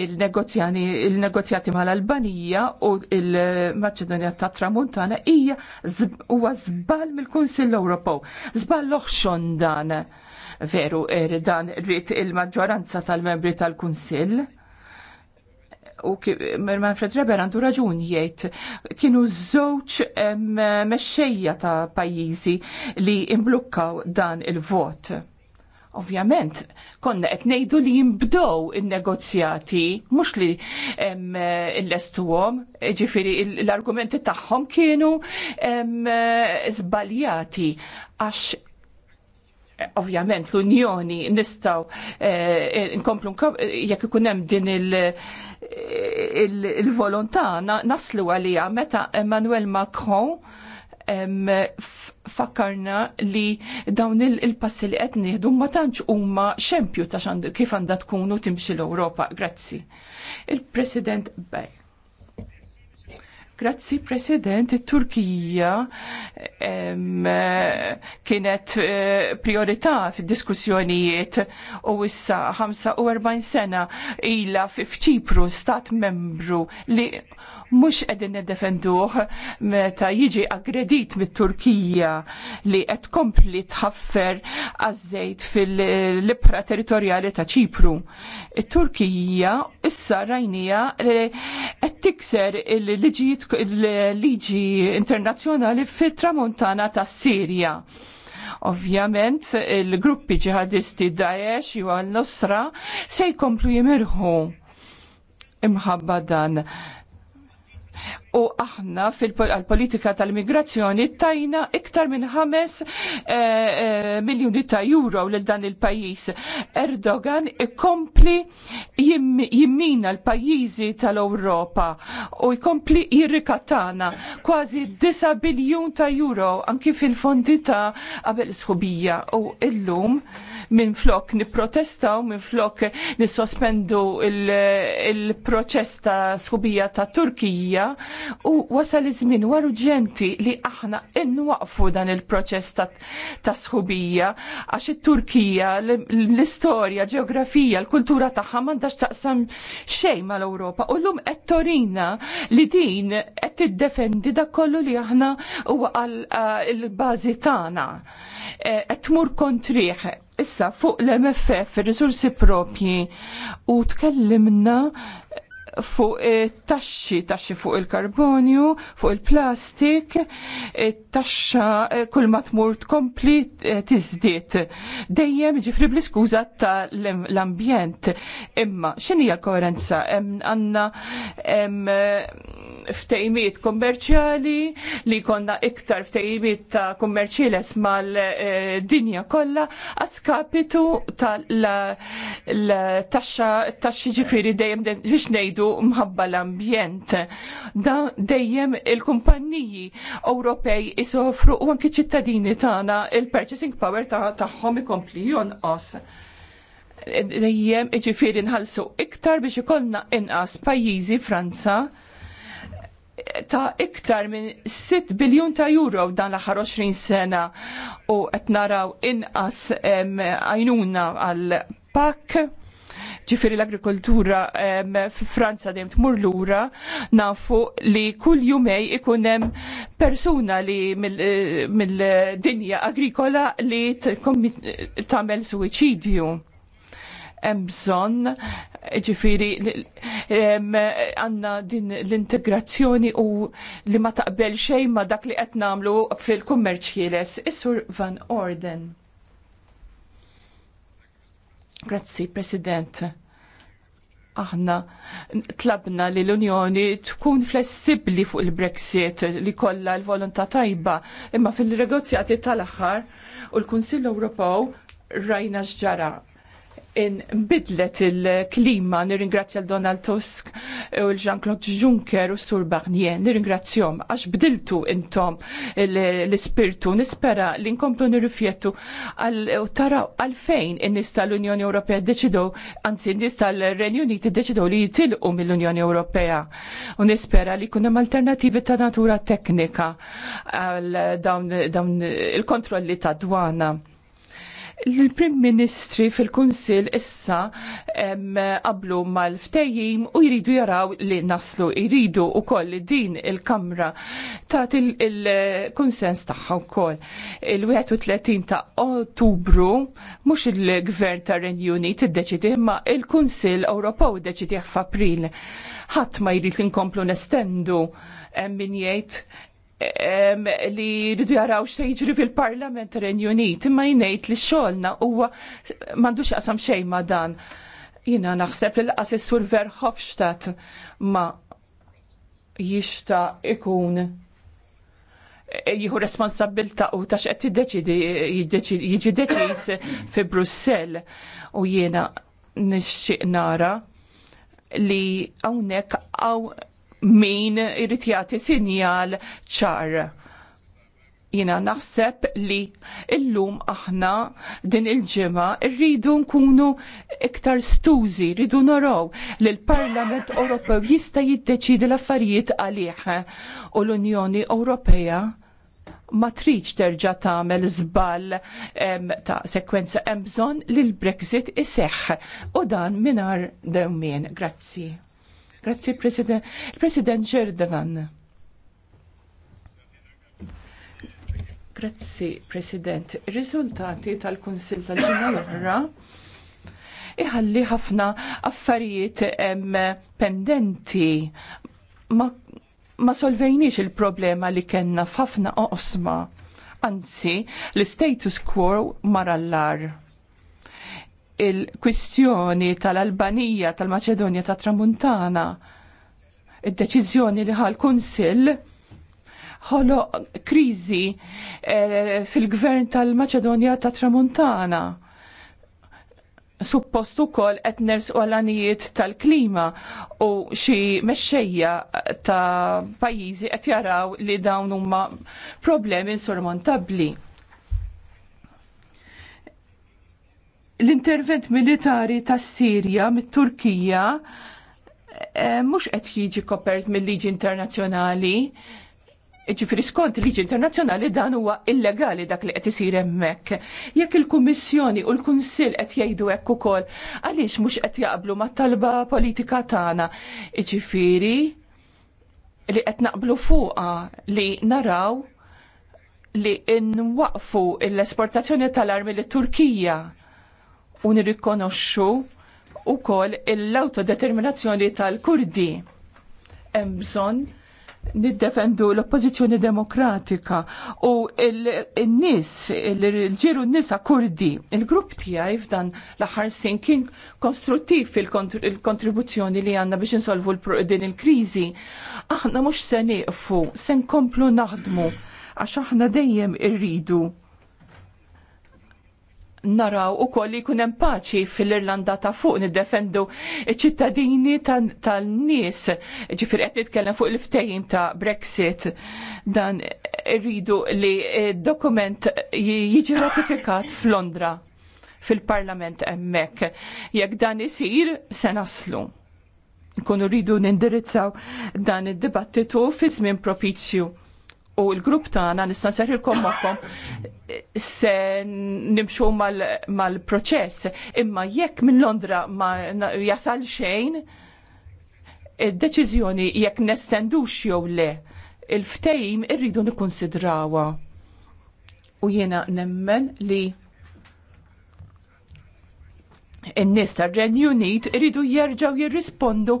il-negozjati mal-Albanija u il-Maċedonja ta' Tramuntana hija huwa żball mill-Kunsill Ewropew. Zbal loħxon dan veru er dan rrit il-maġġoranza tal-membri tal-Kunsill u Manfred Reber għandu raġun jgħid kienu żewġ mexxejja ta' pajjiżi li imblukkaw dan il-vot. Ovvjament, konna qed ngħidu li jimbdow in-negozjati, mhux li l-estuhom, ġifieri l-argumenti tagħhom kienu żbaljati għax ovvjament l-Unjoni nistaw eh, nkomplu jekk ikun hemm din il-volontà naslu għalija meta Emmanuel Macron fakkarna li dawn il-passi li qed nieħdu ma tantx huma xempju ta' kif għandha tkun u timxi l-Ewropa. Grazzi. Il-President Bay. Grazzi President, Turkija kienet eh, priorità fid-diskussjonijiet u issa 45 sena ila f'Ċipru stat membru li mhux qegħdin niddefenduh meta jiġi aggredit mit-Turkija li qed kompli tħaffer għażejt fil-libra territorjali ta' Ċipru. It-Turkija issa rajnija eh, qed tikser il-liġijiet il-liġi internazzjonali fit-tramuntana tas Sirja. Ovvjament, il-gruppi ġihadisti Daesh jew al-Nusra se jkomplu jimirħu imħabba dan u aħna fil-politika tal-migrazzjoni tajna iktar minn 5 eh, eh, miljoni ta' euro lil dan il-pajis. Erdogan ikompli jimmina l-pajizi tal-Europa u jkompli jirrikatana kważi 9 biljun ta' euro anki fil-fondi ta' sħubija u illum minn flok niprotestaw, minn flok nissospendu il-proċess ta' sħubija ta' Turkija u wasal iż-żmien waru ġenti li aħna nwaqfu dan il-proċess ta' sħubija għax it-Turkija l-istorja, ġeografija, l-kultura tagħha m'għandax taqsam xejn mal-Ewropa u llum qed torina li din qed tiddefendi dak kollu li aħna huwa għal il-bażi tagħna. Eh, qed tmur kontriħ Issa fuq l-MFF, il-risursi propji, u tkellimna fuq taxxi, taxxi fuq il-karbonju, fuq il-plastik, taxxa eh, kull ma tmur tkompli eh, tiżdied. Dejjem ġifri bl-iskuża tal-ambjent. Imma hija l-koerenza? Għandna ftejmiet kommerċjali li konna iktar ftejmiet ta' kummerċiles mal-dinja eh, kollha għaskapitu tal-taxxa taxxi ġifieri dejjem biex ngħidu riskju mħabba l-ambjent. dan dejjem il-kumpanniji Ewropej isofru u anki ċittadini tagħna il-purchasing power tagħhom ikompli jonqos dejjem iġifieri nħallsu iktar biex ikollna inqas pajjiżi Franza ta' iktar minn 6 biljun ta' euro dan l-aħħar 20 sena u qed naraw inqas għajnuna għal pak ġifiri l-agrikoltura f'Franza dejjem tmur lura nafu li kull jumej ikun hemm persuna li eh, mill-dinja agrikola li tagħmel suwiċidju. Hemm bżonn ġifiri għandna din l-integrazzjoni u li ma taqbel xejn ma dak li qed nagħmlu fil-kummerċ ħieles. Is-Sur Van Orden. Grazzi, President. Aħna tlabna li l-Unjoni tkun flessibli fuq il-Brexit li kollha l-volontà tajba imma fil-negozjati tal-aħħar u l-Kunsill Ewropew rajna x'ġara bidlet il-klima, nirringrazzja l-Donald Tusk u l-Jean-Claude Juncker u Sur Barnier, nirringrazzjom għax bdiltu intom l-ispirtu, nispera li nkomplu nirrifjettu u taraw għalfejn in-nis tal-Unjoni Ewropea deċidow, anzi n-nis l renju Uniti deċidow li jitilqu mill-Unjoni Ewropea. U nispera li kunem alternativi ta' natura teknika għal dawn il-kontrolli ta' dwana l-Prim Ministri fil-Kunsil issa qablu mal-ftejjim u jridu jaraw li naslu, jridu u koll din il-Kamra ta' il-konsens tagħha wkoll. Il-31 ta' Ottubru mhux il-Gvern ta' Renju Unit iddeċidi ma il-Kunsil Ewropew iddeċidi f'April. Ħadd ma jrid inkomplu nestendu min jgħid li rridu jaraw x'se jiġri fil-Parlament Renju Unit, imma jnejt li xolna huwa m'għandux xaqsam xej ma' dan. Jiena naħseb li l assessur sur Verhofstadt ma jixta ikun eh, jieħu responsabilta u ta' xqed tiddeċidi jiġi deċiż fi Brussell u jiena nixxiq nara li hawnhekk għaw min irrid jagħti sinjal ċar jina naħseb li illum aħna din il-ġimgħa rridu nkunu iktar stużi, rridu naraw li l-Parlament Ewropew jista' jiddeċidi l-affarijiet għalih u l-Unjoni Ewropea ma triċ terġa tagħmel żball ta' sekwenza hemm bżonn li l-Brexit iseħħ u dan mingħajr dewmien. Grazzi. Grazzi, President. President Ġerdavan. Grazzi, President. Riżultati tal-Kunsil tal-ġimgħa l-oħra iħalli ħafna affarijiet pendenti. Ma, ma solvejniex il-problema li kellna f'ħafna oqsma. Anzi, l-status quo marallar il-kwistjoni tal-Albanija, tal-Maċedonja, tat Tramuntana, id-deċiżjoni li ħal kunsill ħolo kriżi eh, fil-gvern tal-Maċedonja tat Tramuntana. Suppost ukoll qed nersqu għalanijiet tal-klima u xi mexxejja ta' pajjiżi qed jaraw li dawn huma problemi insurmontabbli l-intervent militari tas Sirja mit-Turkija eh, mhux qed jiġi kopert mill-liġi internazzjonali. Ġifri skont liġi internazzjonali dan huwa illegali dak li qed isir hemmhekk. Jekk il-Kummissjoni u l-Kunsill qed jgħidu hekk ukoll, għaliex mhux qed jaqblu mat-talba politika tagħna. Ġifieri li qed naqblu fuqha li naraw li nwaqfu l-esportazzjoni tal-armi lit turkija u nirrikonoxxu wkoll l-autodeterminazzjoni tal-Kurdi. Hemm bżonn niddefendu l-oppozizjoni demokratika u il-nis, il-ġiru nisa kurdi, il-grupp tiegħi f'dan l aħħar sin kien konstruttiv fil-kontribuzzjoni li għanna biex insolvu din il-krizi. Aħna mux se nieqfu se nkomplu naħdmu, għax aħna dejjem irridu naraw u koll li kunem paċi fil-Irlanda ta' fuq niddefendu ċittadini tal-nies ġifir qed nitkellem fuq il-ftejim ta' Brexit dan irridu li dokument jiġi ratifikat f'Londra fil-parlament emmek. Jekk dan isir se naslu. Nkunu rridu nindirizzaw dan id-dibattitu fi żmien propizju u l-grupp tagħna nista' nserħilkom magħkom se nimxu mal-proċess imma jekk minn Londra ma jasal xejn id-deċiżjoni jekk nestendux jew le il-ftejim irridu nikkonsidrawha. U jiena nemmen li in-nies tar-Renju Unit iridu jerġgħu jirrispondu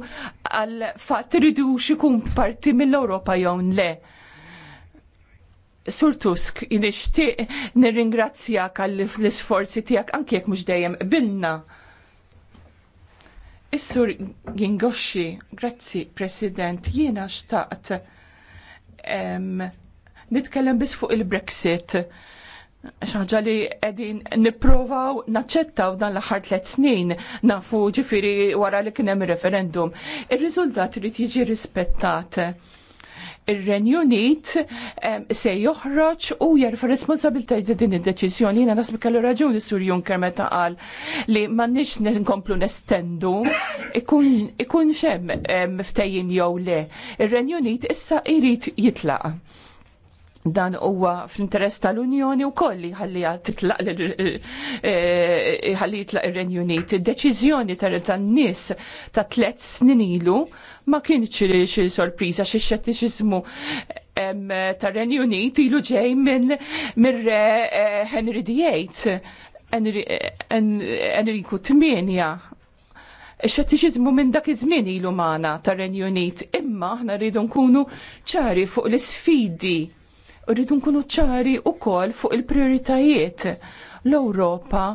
għal fatt iridu xikun parti mill-Ewropa jew le Sur Tusk, nixtieq nirringrazzjak għall l-isforzi tiegħek anke jekk mhux dejjem bilna. Is-sur Gingoxxi, grazzi President, jiena xtaqt nitkellem biss fuq il-Brexit. ħaġa li qegħdin nipprovaw naċċettaw dan l-aħħar tliet snin nafu ġifiri wara li kien hemm referendum. Ir-riżultat irid jiġi rispettat Ir-Renju Unit se joħroġ u jerfa' responsabilità ta' din id-deċiżjoni. Jiena naħseb kellu raġuni Sur Junker meta qal li m'għandniex nkomplu nestendu ikun xem ftejjim jew le. Ir-Renju Unit issa jrid jitlaq dan huwa fl-interess tal-Unjoni u kolli ħalli titlaq eh, ħalli jitlaq ir-Renju Unit. Id-deċiżjoni tan-nies ta' tliet snin ilu ma kienx xi sorpriża xi xettiċiżmu tar-Renju Unit ilu ġej minn mir-re eh, Henry VIII eh, Enriku Tminja xettiċizmu minn dak iż-żmien ilu magħna tar-Renju Unit, imma aħna rridu nkunu ċari fuq l-isfidi Rridu nkunu ċari u kol fuq il-prioritajiet. L-Europa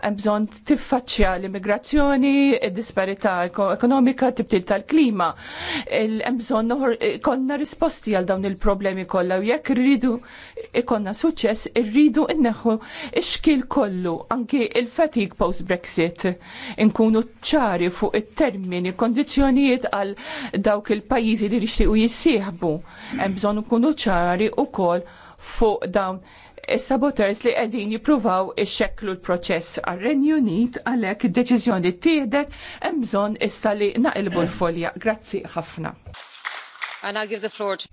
hemm bżonn tiffaċċja l-immigrazzjoni, id-disparità ekonomika, tibtil tal-klima. Hemm bżonn konna risposti għal dawn il-problemi kollha u jekk irridu ikonna suċċess, irridu nneħħu x-xkil kollu anki il-fatig post-Brexit. Inkunu ċari fuq it-termini, kondizzjonijiet għal dawk il-pajjiżi li jixtiequ jissieħbu. Hemm bżonn ikunu ċari wkoll fuq dawn Is-Sabu saboters li qegħdin jippruvaw ixxekklu l-proċess għar-Renju Unit għalhekk id-deċiżjoni tieħdet hemm bżonn issa li naqilbu l-folja. Grazzi ħafna. give the floor to...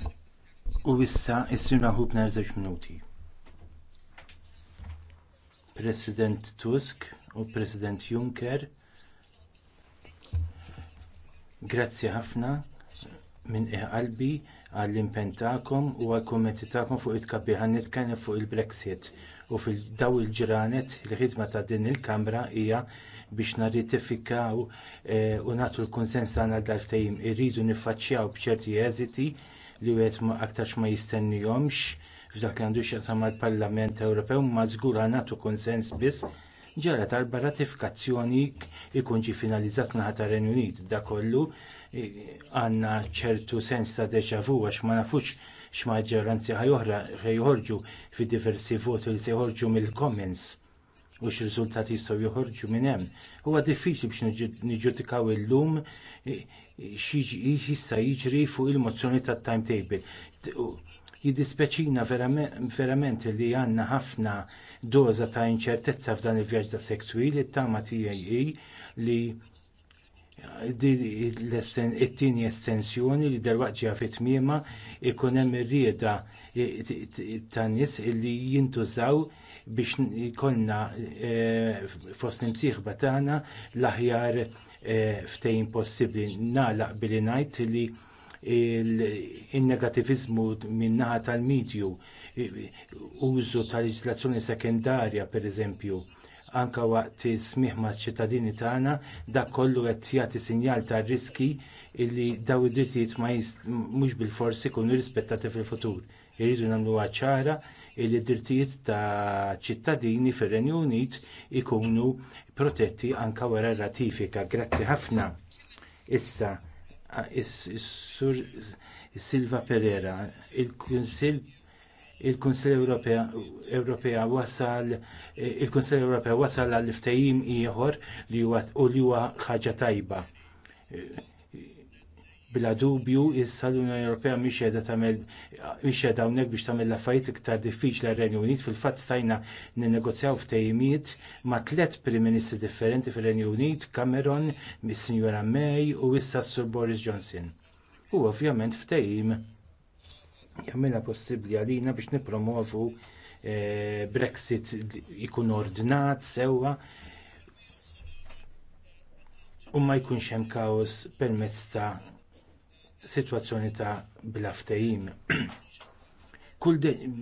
U issa is-sinra Hubner żewġ minuti. President Tusk u President Juncker. Grazzi ħafna minn qalbi għall-impenn tagħkom u għall-kummenti tagħkom fuq it-tkabbir ħan nitkellem fuq il-Brexit u fil-daw il-ġranet il-ħidma ta' din il-Kamra hija biex narritifikaw eh, u nagħtu l-kunsens tagħna dal-tejjim irridu niffaċċjaw b'ċerti eżiti li wieħed ma aktarx ma jistennihomx f'dak li għandu x'jaqsam mal-Parlament Ewropew ma żgur nagħtu kunsens biss ġara talba ratifikazzjoni ikun ġie finalizzat minn ħatar Unit da kollu għandna ċertu sens ta' deja vu għax ma nafux x'maġġoranzi joħorġu fi diversi voti li se joħorġu mill-comments u x jistgħu joħorġu minn hemm. Huwa diffiċli biex niġġudikaw illum jista' jiġri fuq il-mozzjoni tat-timetable. Jiddispeċina verament li għandna ħafna doza ta' inċertezza f'dan il-vjaġġ ta' sektwil, it-tama tiegħi li it-tieni estensjoni li derwaqġija fit tmiema ikun hemm ir-rieda tan-nies li jintużaw biex ikollna e, fost nimsieħba tagħna l-aħjar e, ftehim possibbli. Nagħlaq billi ngħid li il-negativizmu min-naħa tal-medju użu tal-leġislazzjoni sekendarja pereżempju anke waqt smih maċ ċittadini tagħna dak kollu qed jagħti sinjal ta' riski li dawn id-drittijiet mhux bilforsi jkunu rispettati fil-futur. Irridu nagħmlu ċara li d-drittijiet ta' ċittadini fir-Renju Unit ikunu protetti anke wara r ratifika. Grazzi ħafna. Issa, is-sur Silva Pereira, il-Kunsill il-Kunsell Ewropea wasal eh, il-Kunsell Ewropea wasal għall ftajim ieħor li huwa u li huwa ħaġa tajba. Eh, Bla dubju issa l-Unjoni Ewropea mhix qiegħda tagħmel mhix qiegħda hawnhekk biex tagħmel l-affarijiet iktar diffiċli għar-Renju Unit. Fil-fatt stajna ninnegozjaw ftehimiet ma' tliet Prim Ministri differenti fir-Renju Unit, Cameron, mis-Sinjura May u issa s-Sur Boris Johnson. U ovvjament ftehim jagħmilha possibbli għalina biex nippromovu eh, Brexit ikun ordnat sewwa u ma jkunx hemm kaos permezz ta' sitwazzjoni ta' bla ftehim. Kull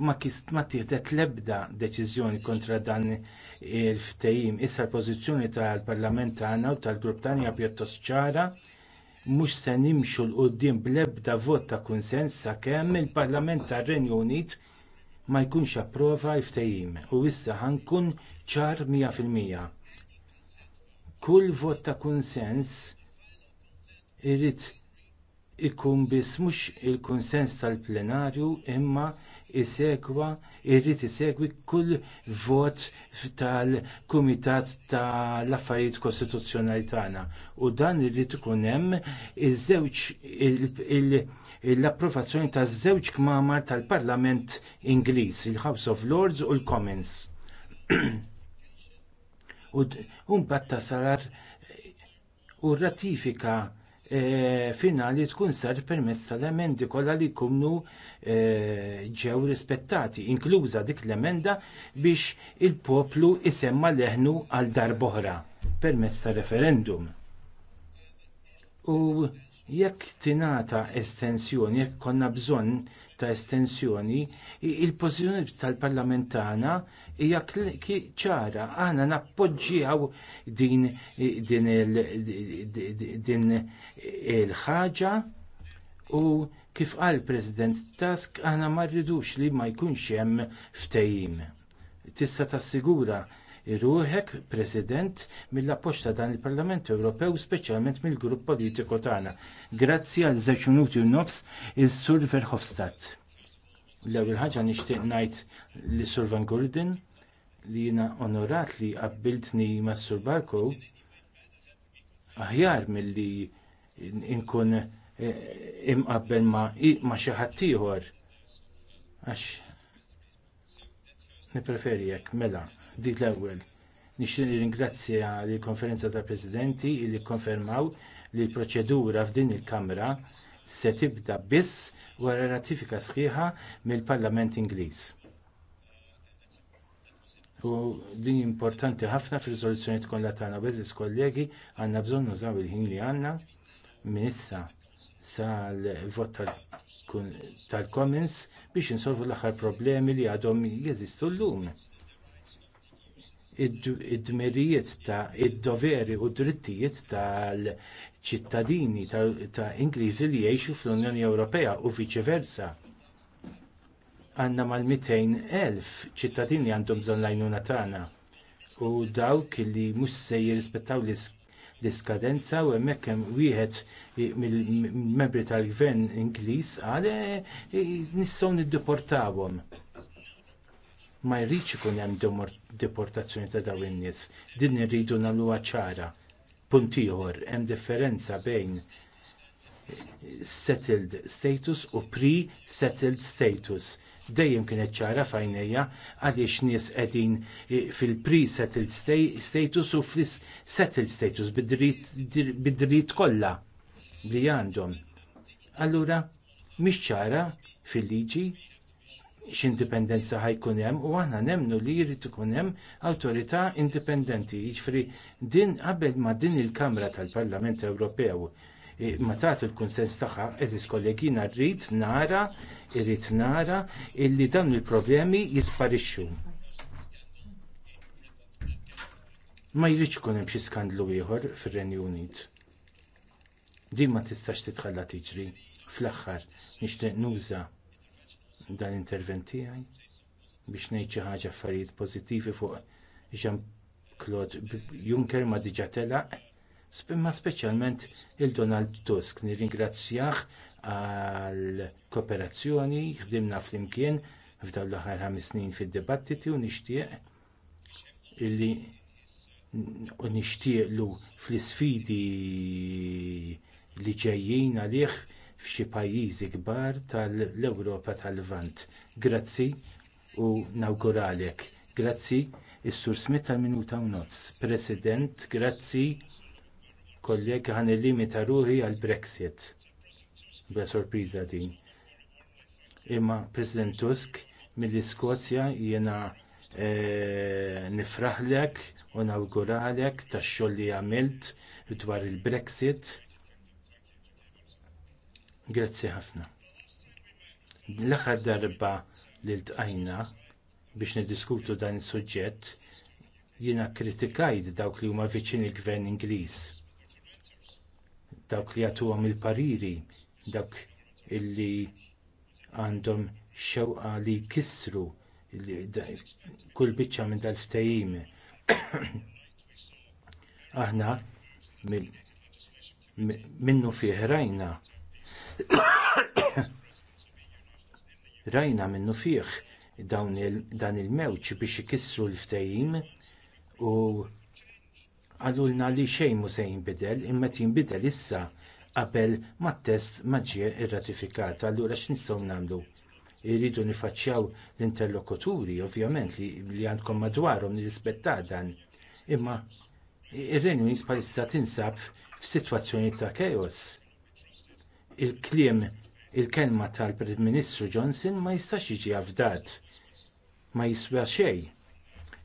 ma kist ma l-ebda deċiżjoni kontra dan il-ftehim. Issa l-pożizzjoni tal-Parlament tagħna u tal-Grupp tagħna pjuttost ċara mhux se nimxu l qudiem bl-ebda vot ta' kunsens sakemm il-Parlament tar-Renju Unit ma jkunx approva l-ftehim u issa ħankun ċar 100%. Kull vot ta' kunsens irid ikun biss mhux il-kunsens tal-plenarju imma isegwa, jrid isegwi kull vot tal-Kumitat tal-Affarijiet Kostituzzjonali tagħna. U dan irrid ikun hemm iż-żewġ l-approvazzjoni taż żewġ kmamar tal-Parlament Ingliż, il-House of Lords u l-Commons. u mbagħad sarar u ratifika E, finali tkun sar permezz tal-emendi kollha li jkunu e, ġew rispettati, inkluża dik l-emenda biex il-poplu isemma leħnu għal darb'oħra permezz ta' referendum. U jekk tingħata estensjoni, jekk konna bżonn ta' estensjoni, il-pożizzjoni tal-Parlament tagħna hija ċara, aħna nappoġġjaw din din il-ħaġa u kif qal President Tusk aħna ma rridux li ma jkunx hemm ftehim. Tista' tassigura iruħek President mill-appoġġ ta' dan il-Parlament Ewropew speċjalment mill-grupp politiku tagħna. Grazzi għal żewġ minuti u nofs is-Sur Verhofstadt. L-ewwel ħaġa nixtieq ngħid li Sur Van Gordon li jiena onorat li qabbiltni mas Sur Barco. aħjar milli inkun eh, imqabbel ma' xi ħadd ieħor għax nipreferi jekk mela dik l-ewwel. Nixtieq nirringrazzja lill konferenza tal Presidenti li kkonfermaw li l-proċedura f'din il-Kamra se tibda biss wara ratifika sħiħa mill-Parlament Ingliż. U din importanti ħafna fir-riżoluzzjoni tkun la tagħna beżis kollegi għandna bżonn nużaw il-ħin li għandna minissa issa sal-vot tal-Commons biex insolvu l-aħħar problemi li għadhom jeżistu llum id-dmirijiet ta' id-doveri u d-drittijiet tal-ċittadini ta' Ingliżi li jgħixu fl-Unjoni Ewropea u viċi-versa. Għandna mal-200,000 ċittadini għandhom bżonn l-għajnuna tagħna u dawk li mhux se jirrispettaw l-iskadenza u hemmhekk hemm wieħed mill-membri tal-gvern Ingliż qal nistgħu niddeportawhom ma jridx ikun hemm deportazzjoni ta' dawn in-nies. Din irridu nagħmluha ċara. Punt ieħor hemm differenza bejn settled status u pre-settled status. Dejjem kienet ċara fajnejja għaliex nies qegħdin fil-pre-settled status u fil-settled status bid-dritt kollha li għandhom. Allura, mhix ċara fil-liġi x'indipendenza ħajkun hemm u aħna nemnu li jrid ikun hemm awtorità indipendenti. Jiġifieri din qabel ma din il-Kamra tal-Parlament Ewropew eh, ma tagħti l-kunsens tagħha eżis kollegina rrid nara irrid nara illi dawn il-problemi jisparixxu. Ma jridx ikun hemm xi skandlu ieħor fir-Renju Unit. Din ma tistax titħalla tiġri fl-aħħar nixtieq nuża dan l-intervent tiegħi biex ngħid xi ħaġa affarijiet pożittivi fuq Jean-Claude Juncker ma diġà telaq, imma speċjalment il Donald Tusk nirringrazzjah għall kooperazzjoni ħdimna flimkien f'dawn l-aħħar ħames snin fid-dibattiti u nixtieq illi u nixtieqlu fl-isfidi li ġejjin għalih f'xi pajjiżi kbar tal-Ewropa tal-Lvant. Grazzi u nawguralek. Grazzi is-Sur Smith tal-Minuta u Nofs. President, grazzi kollega ħan il ta' ruħi għal-Brexit. Bla sorpriża din. Imma President Tusk mill-Iskozja jiena E, nifraħlek u nawguralek tax-xogħol li għamilt dwar il-Brexit Grazzi ħafna. L-aħħar darba li tqajna biex niddiskutu dan is-suġġett jiena kritikajt dawk li huma viċin il-Gvern Ingliż. Dawk li għatuhom il-pariri, dawk illi għandhom xewqa li jkissru kull biċċa minn dal-ftehim. Aħna minnu fih rajna Rajna minnu fih dan il-mewċ biex ikissru l-ftehim u għadulna li xejn mhu se jinbidel imma jinbidel issa qabel mat-test ma ġie rratifikata, Allura x'nistgħu nagħmlu? Irridu nifaċċjaw l-interlokuturi, ovvjament li, li għandkom madwarhom nirrispettaw dan. Imma ir-Renju Unit bħalissa tinsab f'sitwazzjoni ta' chaos il-kliem il-kelma tal-Prim Ministru Johnson ma jistax jiġi avdat ma jiswa xejn.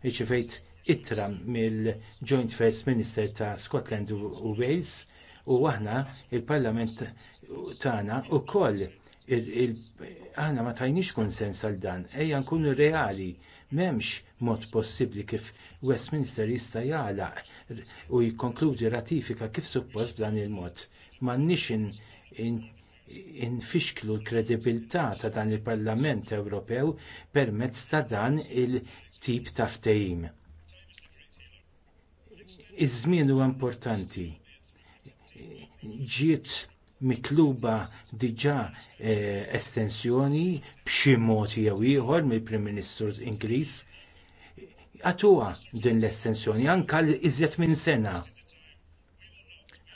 Iċifejt ittra mill-Joint First Minister ta' Scotland u Wales u aħna il-Parlament tagħna wkoll aħna ma tajniex konsens għal dan, ejja nkunu reali, m'hemmx mod possibbli kif Westminster jista' jagħlaq u jikkonkludi ratifika kif suppost b'dan il-mod. M'għandniex infixklu l-kredibilità ta' dan il-Parlament Ewropew permezz ta' dan il-tip ta' ftehim. Iż-żmien huwa importanti. Ġiet mitluba diġà eh, estensjoni b'xi mod jew ieħor mill-Prim Ministru Ingliż għatuha din l-estensjoni anke iżjed minn sena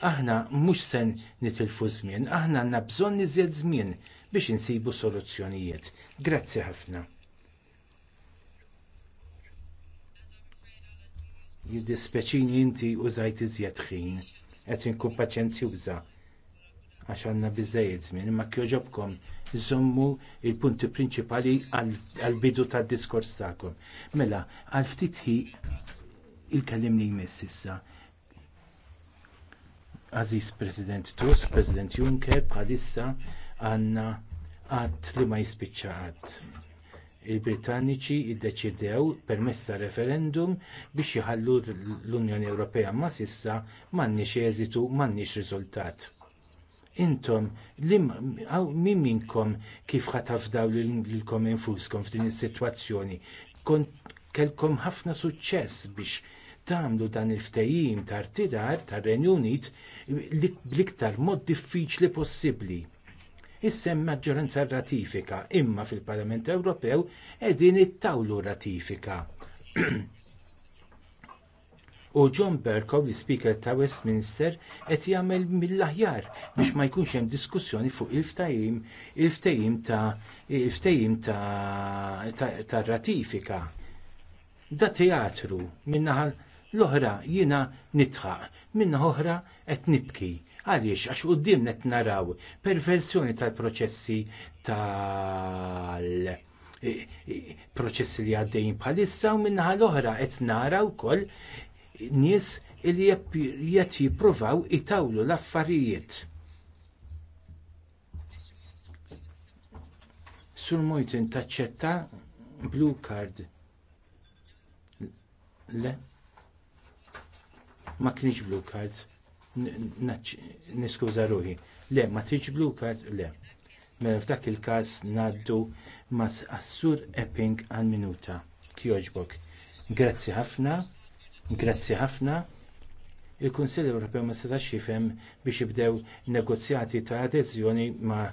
aħna mhux se nitilfu żmien, aħna għandna bżonn iżjed żmien biex insibu soluzzjonijiet. Grazzi ħafna. Jiddispeċini inti użajt iżjed ħin, qed inkun paċenzjuża għax għandna biżżejjed żmien, imma kjoġobkom żommu l punti prinċipali għall-bidu tad-diskors tagħkom. Mela, għal ftit il-kellim li jmiss issa għażiż President Tusk, President Juncker, bħalissa għandna għadd li ma jispiċċa għadd. Il-Britanniċi iddeċidew permezz ta' referendum biex jħallu l-Unjoni Ewropea ma sissa m'għandniex eżitu, m'għandniex riżultat. Intom, min minnkom kif ħatafdaw lilkom infuskom f'din is-sitwazzjoni, kelkom ħafna suċċess biex tagħmlu dan il-ftehim tar-tirar tar-Renju Unit bl-iktar mod diffiċli possibbli. Issem maġġoranza ratifika, imma fil-Parlament Ewropew qegħdin ittawlu ratifika. U John Berkow, l-Speaker ta' Westminster, qed jagħmel mill-aħjar biex ma jkunx hemm diskussjoni fuq il-ftajim il-ftajim ta' il-ftajim ta', ta, ta, ta ratifika. Da teatru minnaħal l-oħra jiena nitħaq minna oħra qed nibki. Għaliex għax quddiem qed naraw perversjoni tal-proċessi tal proċessi li għaddejn bħalissa u minna l-oħra qed nara wkoll nies li qed jippruvaw itawlu l-affarijiet. Sur Mojtin taċċetta blue card. Le? ma kienx blue cards, niskuża ruħi. Le, ma tiġ blue cards le. Mela f'dak il-każ ngħaddu ma assur Epping għal minuta. Kjoġbok. Grazzi ħafna, grazzi ħafna. Il-Kunsill Ewropew ma setax jifhem biex jibdew negozjati ta' adeżjoni ma'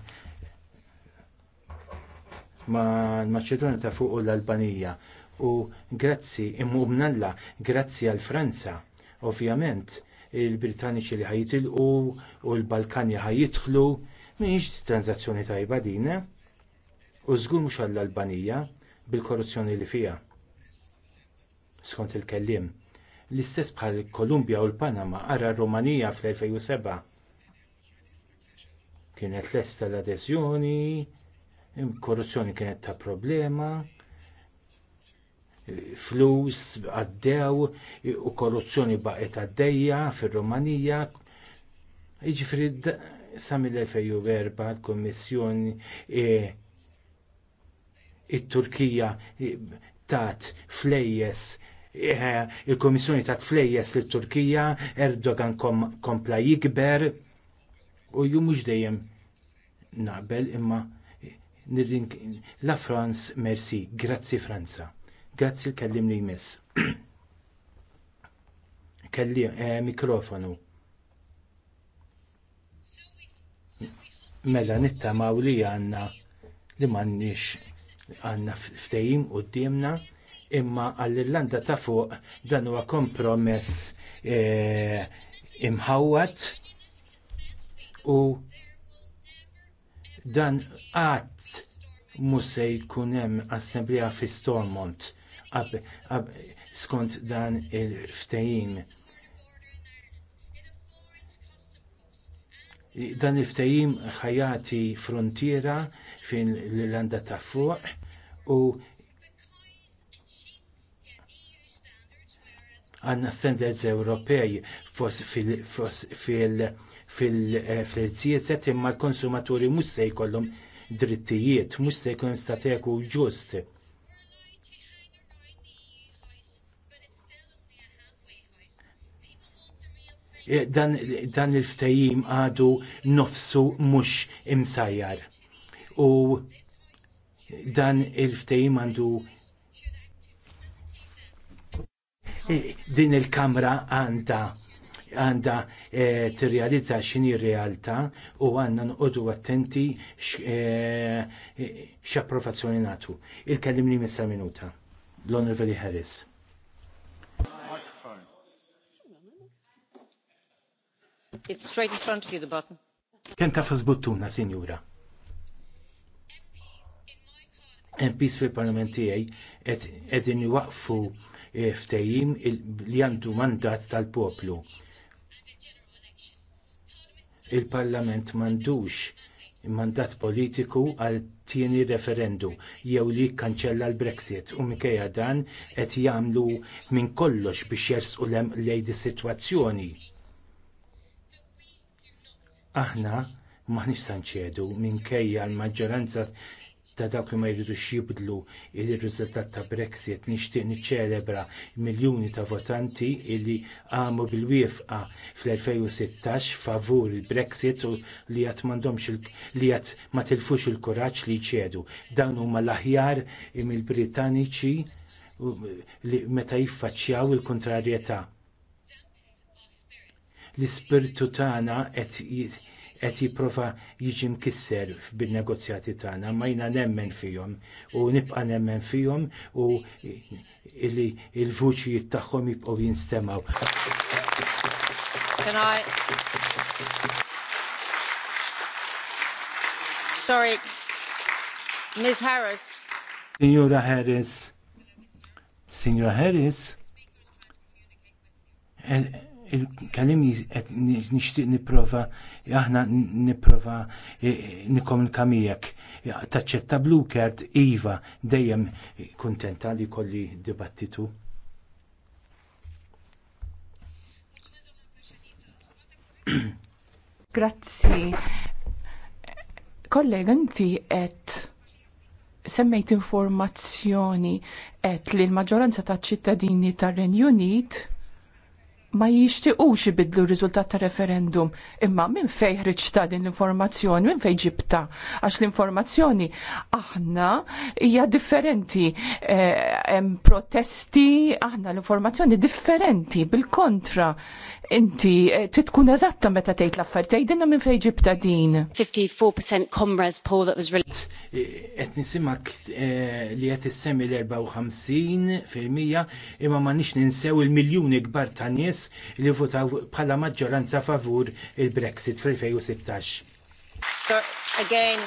ma' l-Maċedonja ta' fuq u l-Albanija. U grazzi, imumnalla, grazzi għal Franza Ovvjament, il-Britanniċi li ħajitilqu u l-Balkani ħajidħlu mhijiex tranzazzjoni tajba din eh? u żgur mhux għall-Albanija bil-korruzzjoni li fiha. Skont il kelliem l-istess bħal Kolumbja u l-Panama ara r-Rumanija fl-2007 kienet lesta tal adeżjoni korruzzjoni kienet ta' problema, flus għaddew u korruzzjoni baqet għaddejja fir-Rumanija. Jiġifieri sa mill-2004 l-Kummissjoni e, it-Turkija e, tat flejjes e, il-Komissjoni tat flejjes lit turkija Erdogan kompla jikber u ju mhux dejjem naqbel imma l France merci, grazzi Franza. Grazzi kellim li jmiss. Kelli eh, mikrofonu. Mela għanna li għandna li m'għandniex għandna d qudiemna imma għall-Irlanda ta' fuq dan huwa kompromess eh, imħawat u dan qatt mu se jkun hemm assembleja fi Stormont skont dan il-ftehim. Dan il-ftehim ħajati frontiera fin l-Irlanda ta' fuq u għanna standards Ewropej eh, fil-irzijiet imma l-konsumaturi mhux se jkollhom drittijiet, mhux se jkun stateku ġust Eh, dan, dan il-ftajim għadu nofsu mhux imsajjar. U dan il-ftajim għandu eh, din il-kamra għandha għanda e, eh, tirrealizza x'inhi xini realtà u għandna nqodu attenti x'approvazzjoni e, nagħtu. Il-kellimni minuta. L-Onorevoli Harris. It's straight in front of you, the button. Kien taf buttuna, sinjura. MPs fil-parlament tiegħi qegħdin iwaqfu eh, ftehim li għandu mandat tal-poplu. Il-parlament m'għandux mandat politiku għal tieni referendu jew li jikkanċella l-Brexit u mikeja dan qed jagħmlu minn kollox biex jersqu lejn is-sitwazzjoni aħna maħniġ sanċedu minkejja l-maġġoranza ta' dawk li ma jridux jibdlu r riżultat ta' Brexit nixtieq niċċelebra miljuni ta' votanti li għamu bil-wieqfa fl-2016 favur il-Brexit u li għat mandomx li għat ma tilfux il-kuraġġ li jċedu. Dawn huma l-aħjar mill-Britanniċi meta jiffaċċjaw il-kontrarjetà l-ispirtu tagħna qed jipprova jiġi mkisser bin-negozjati tagħna ma jiena nemmen fihom u nibqa' nemmen fihom u l vuċijiet tagħhom jibqgħu jinstemaw. Sorry, Ms. Harris. Signora Harris. Signora Harris. Eh, il-kalim nixtieq nipprova, aħna nipprova e, e, nikkomunika miegħek. Taċċetta blue Iva, dejjem kuntenta li kolli dibattitu. Grazzi. Kollega, inti qed semmejt informazzjoni et li l-maġġoranza taċ ċittadini tar-Renju Unit ma jixtiqux ibidlu r-riżultat ta' referendum. Imma minn fej ta' din l-informazzjoni, minn fej ġibta? Għax l-informazzjoni aħna hija differenti. Eh, protesti, aħna l-informazzjoni differenti, bil-kontra inti eh, titkun eżatta meta tgħid l-affarijiet tgħidilna minn fejn ġibta din. 54% comrades' poll that was released. Qed nisimak eh, li qed issemmi l-54% imma ma nix ninsew il-miljuni kbar ta' nies li votaw bħala maġġoranza favur il-Brexit fil-2016. So again,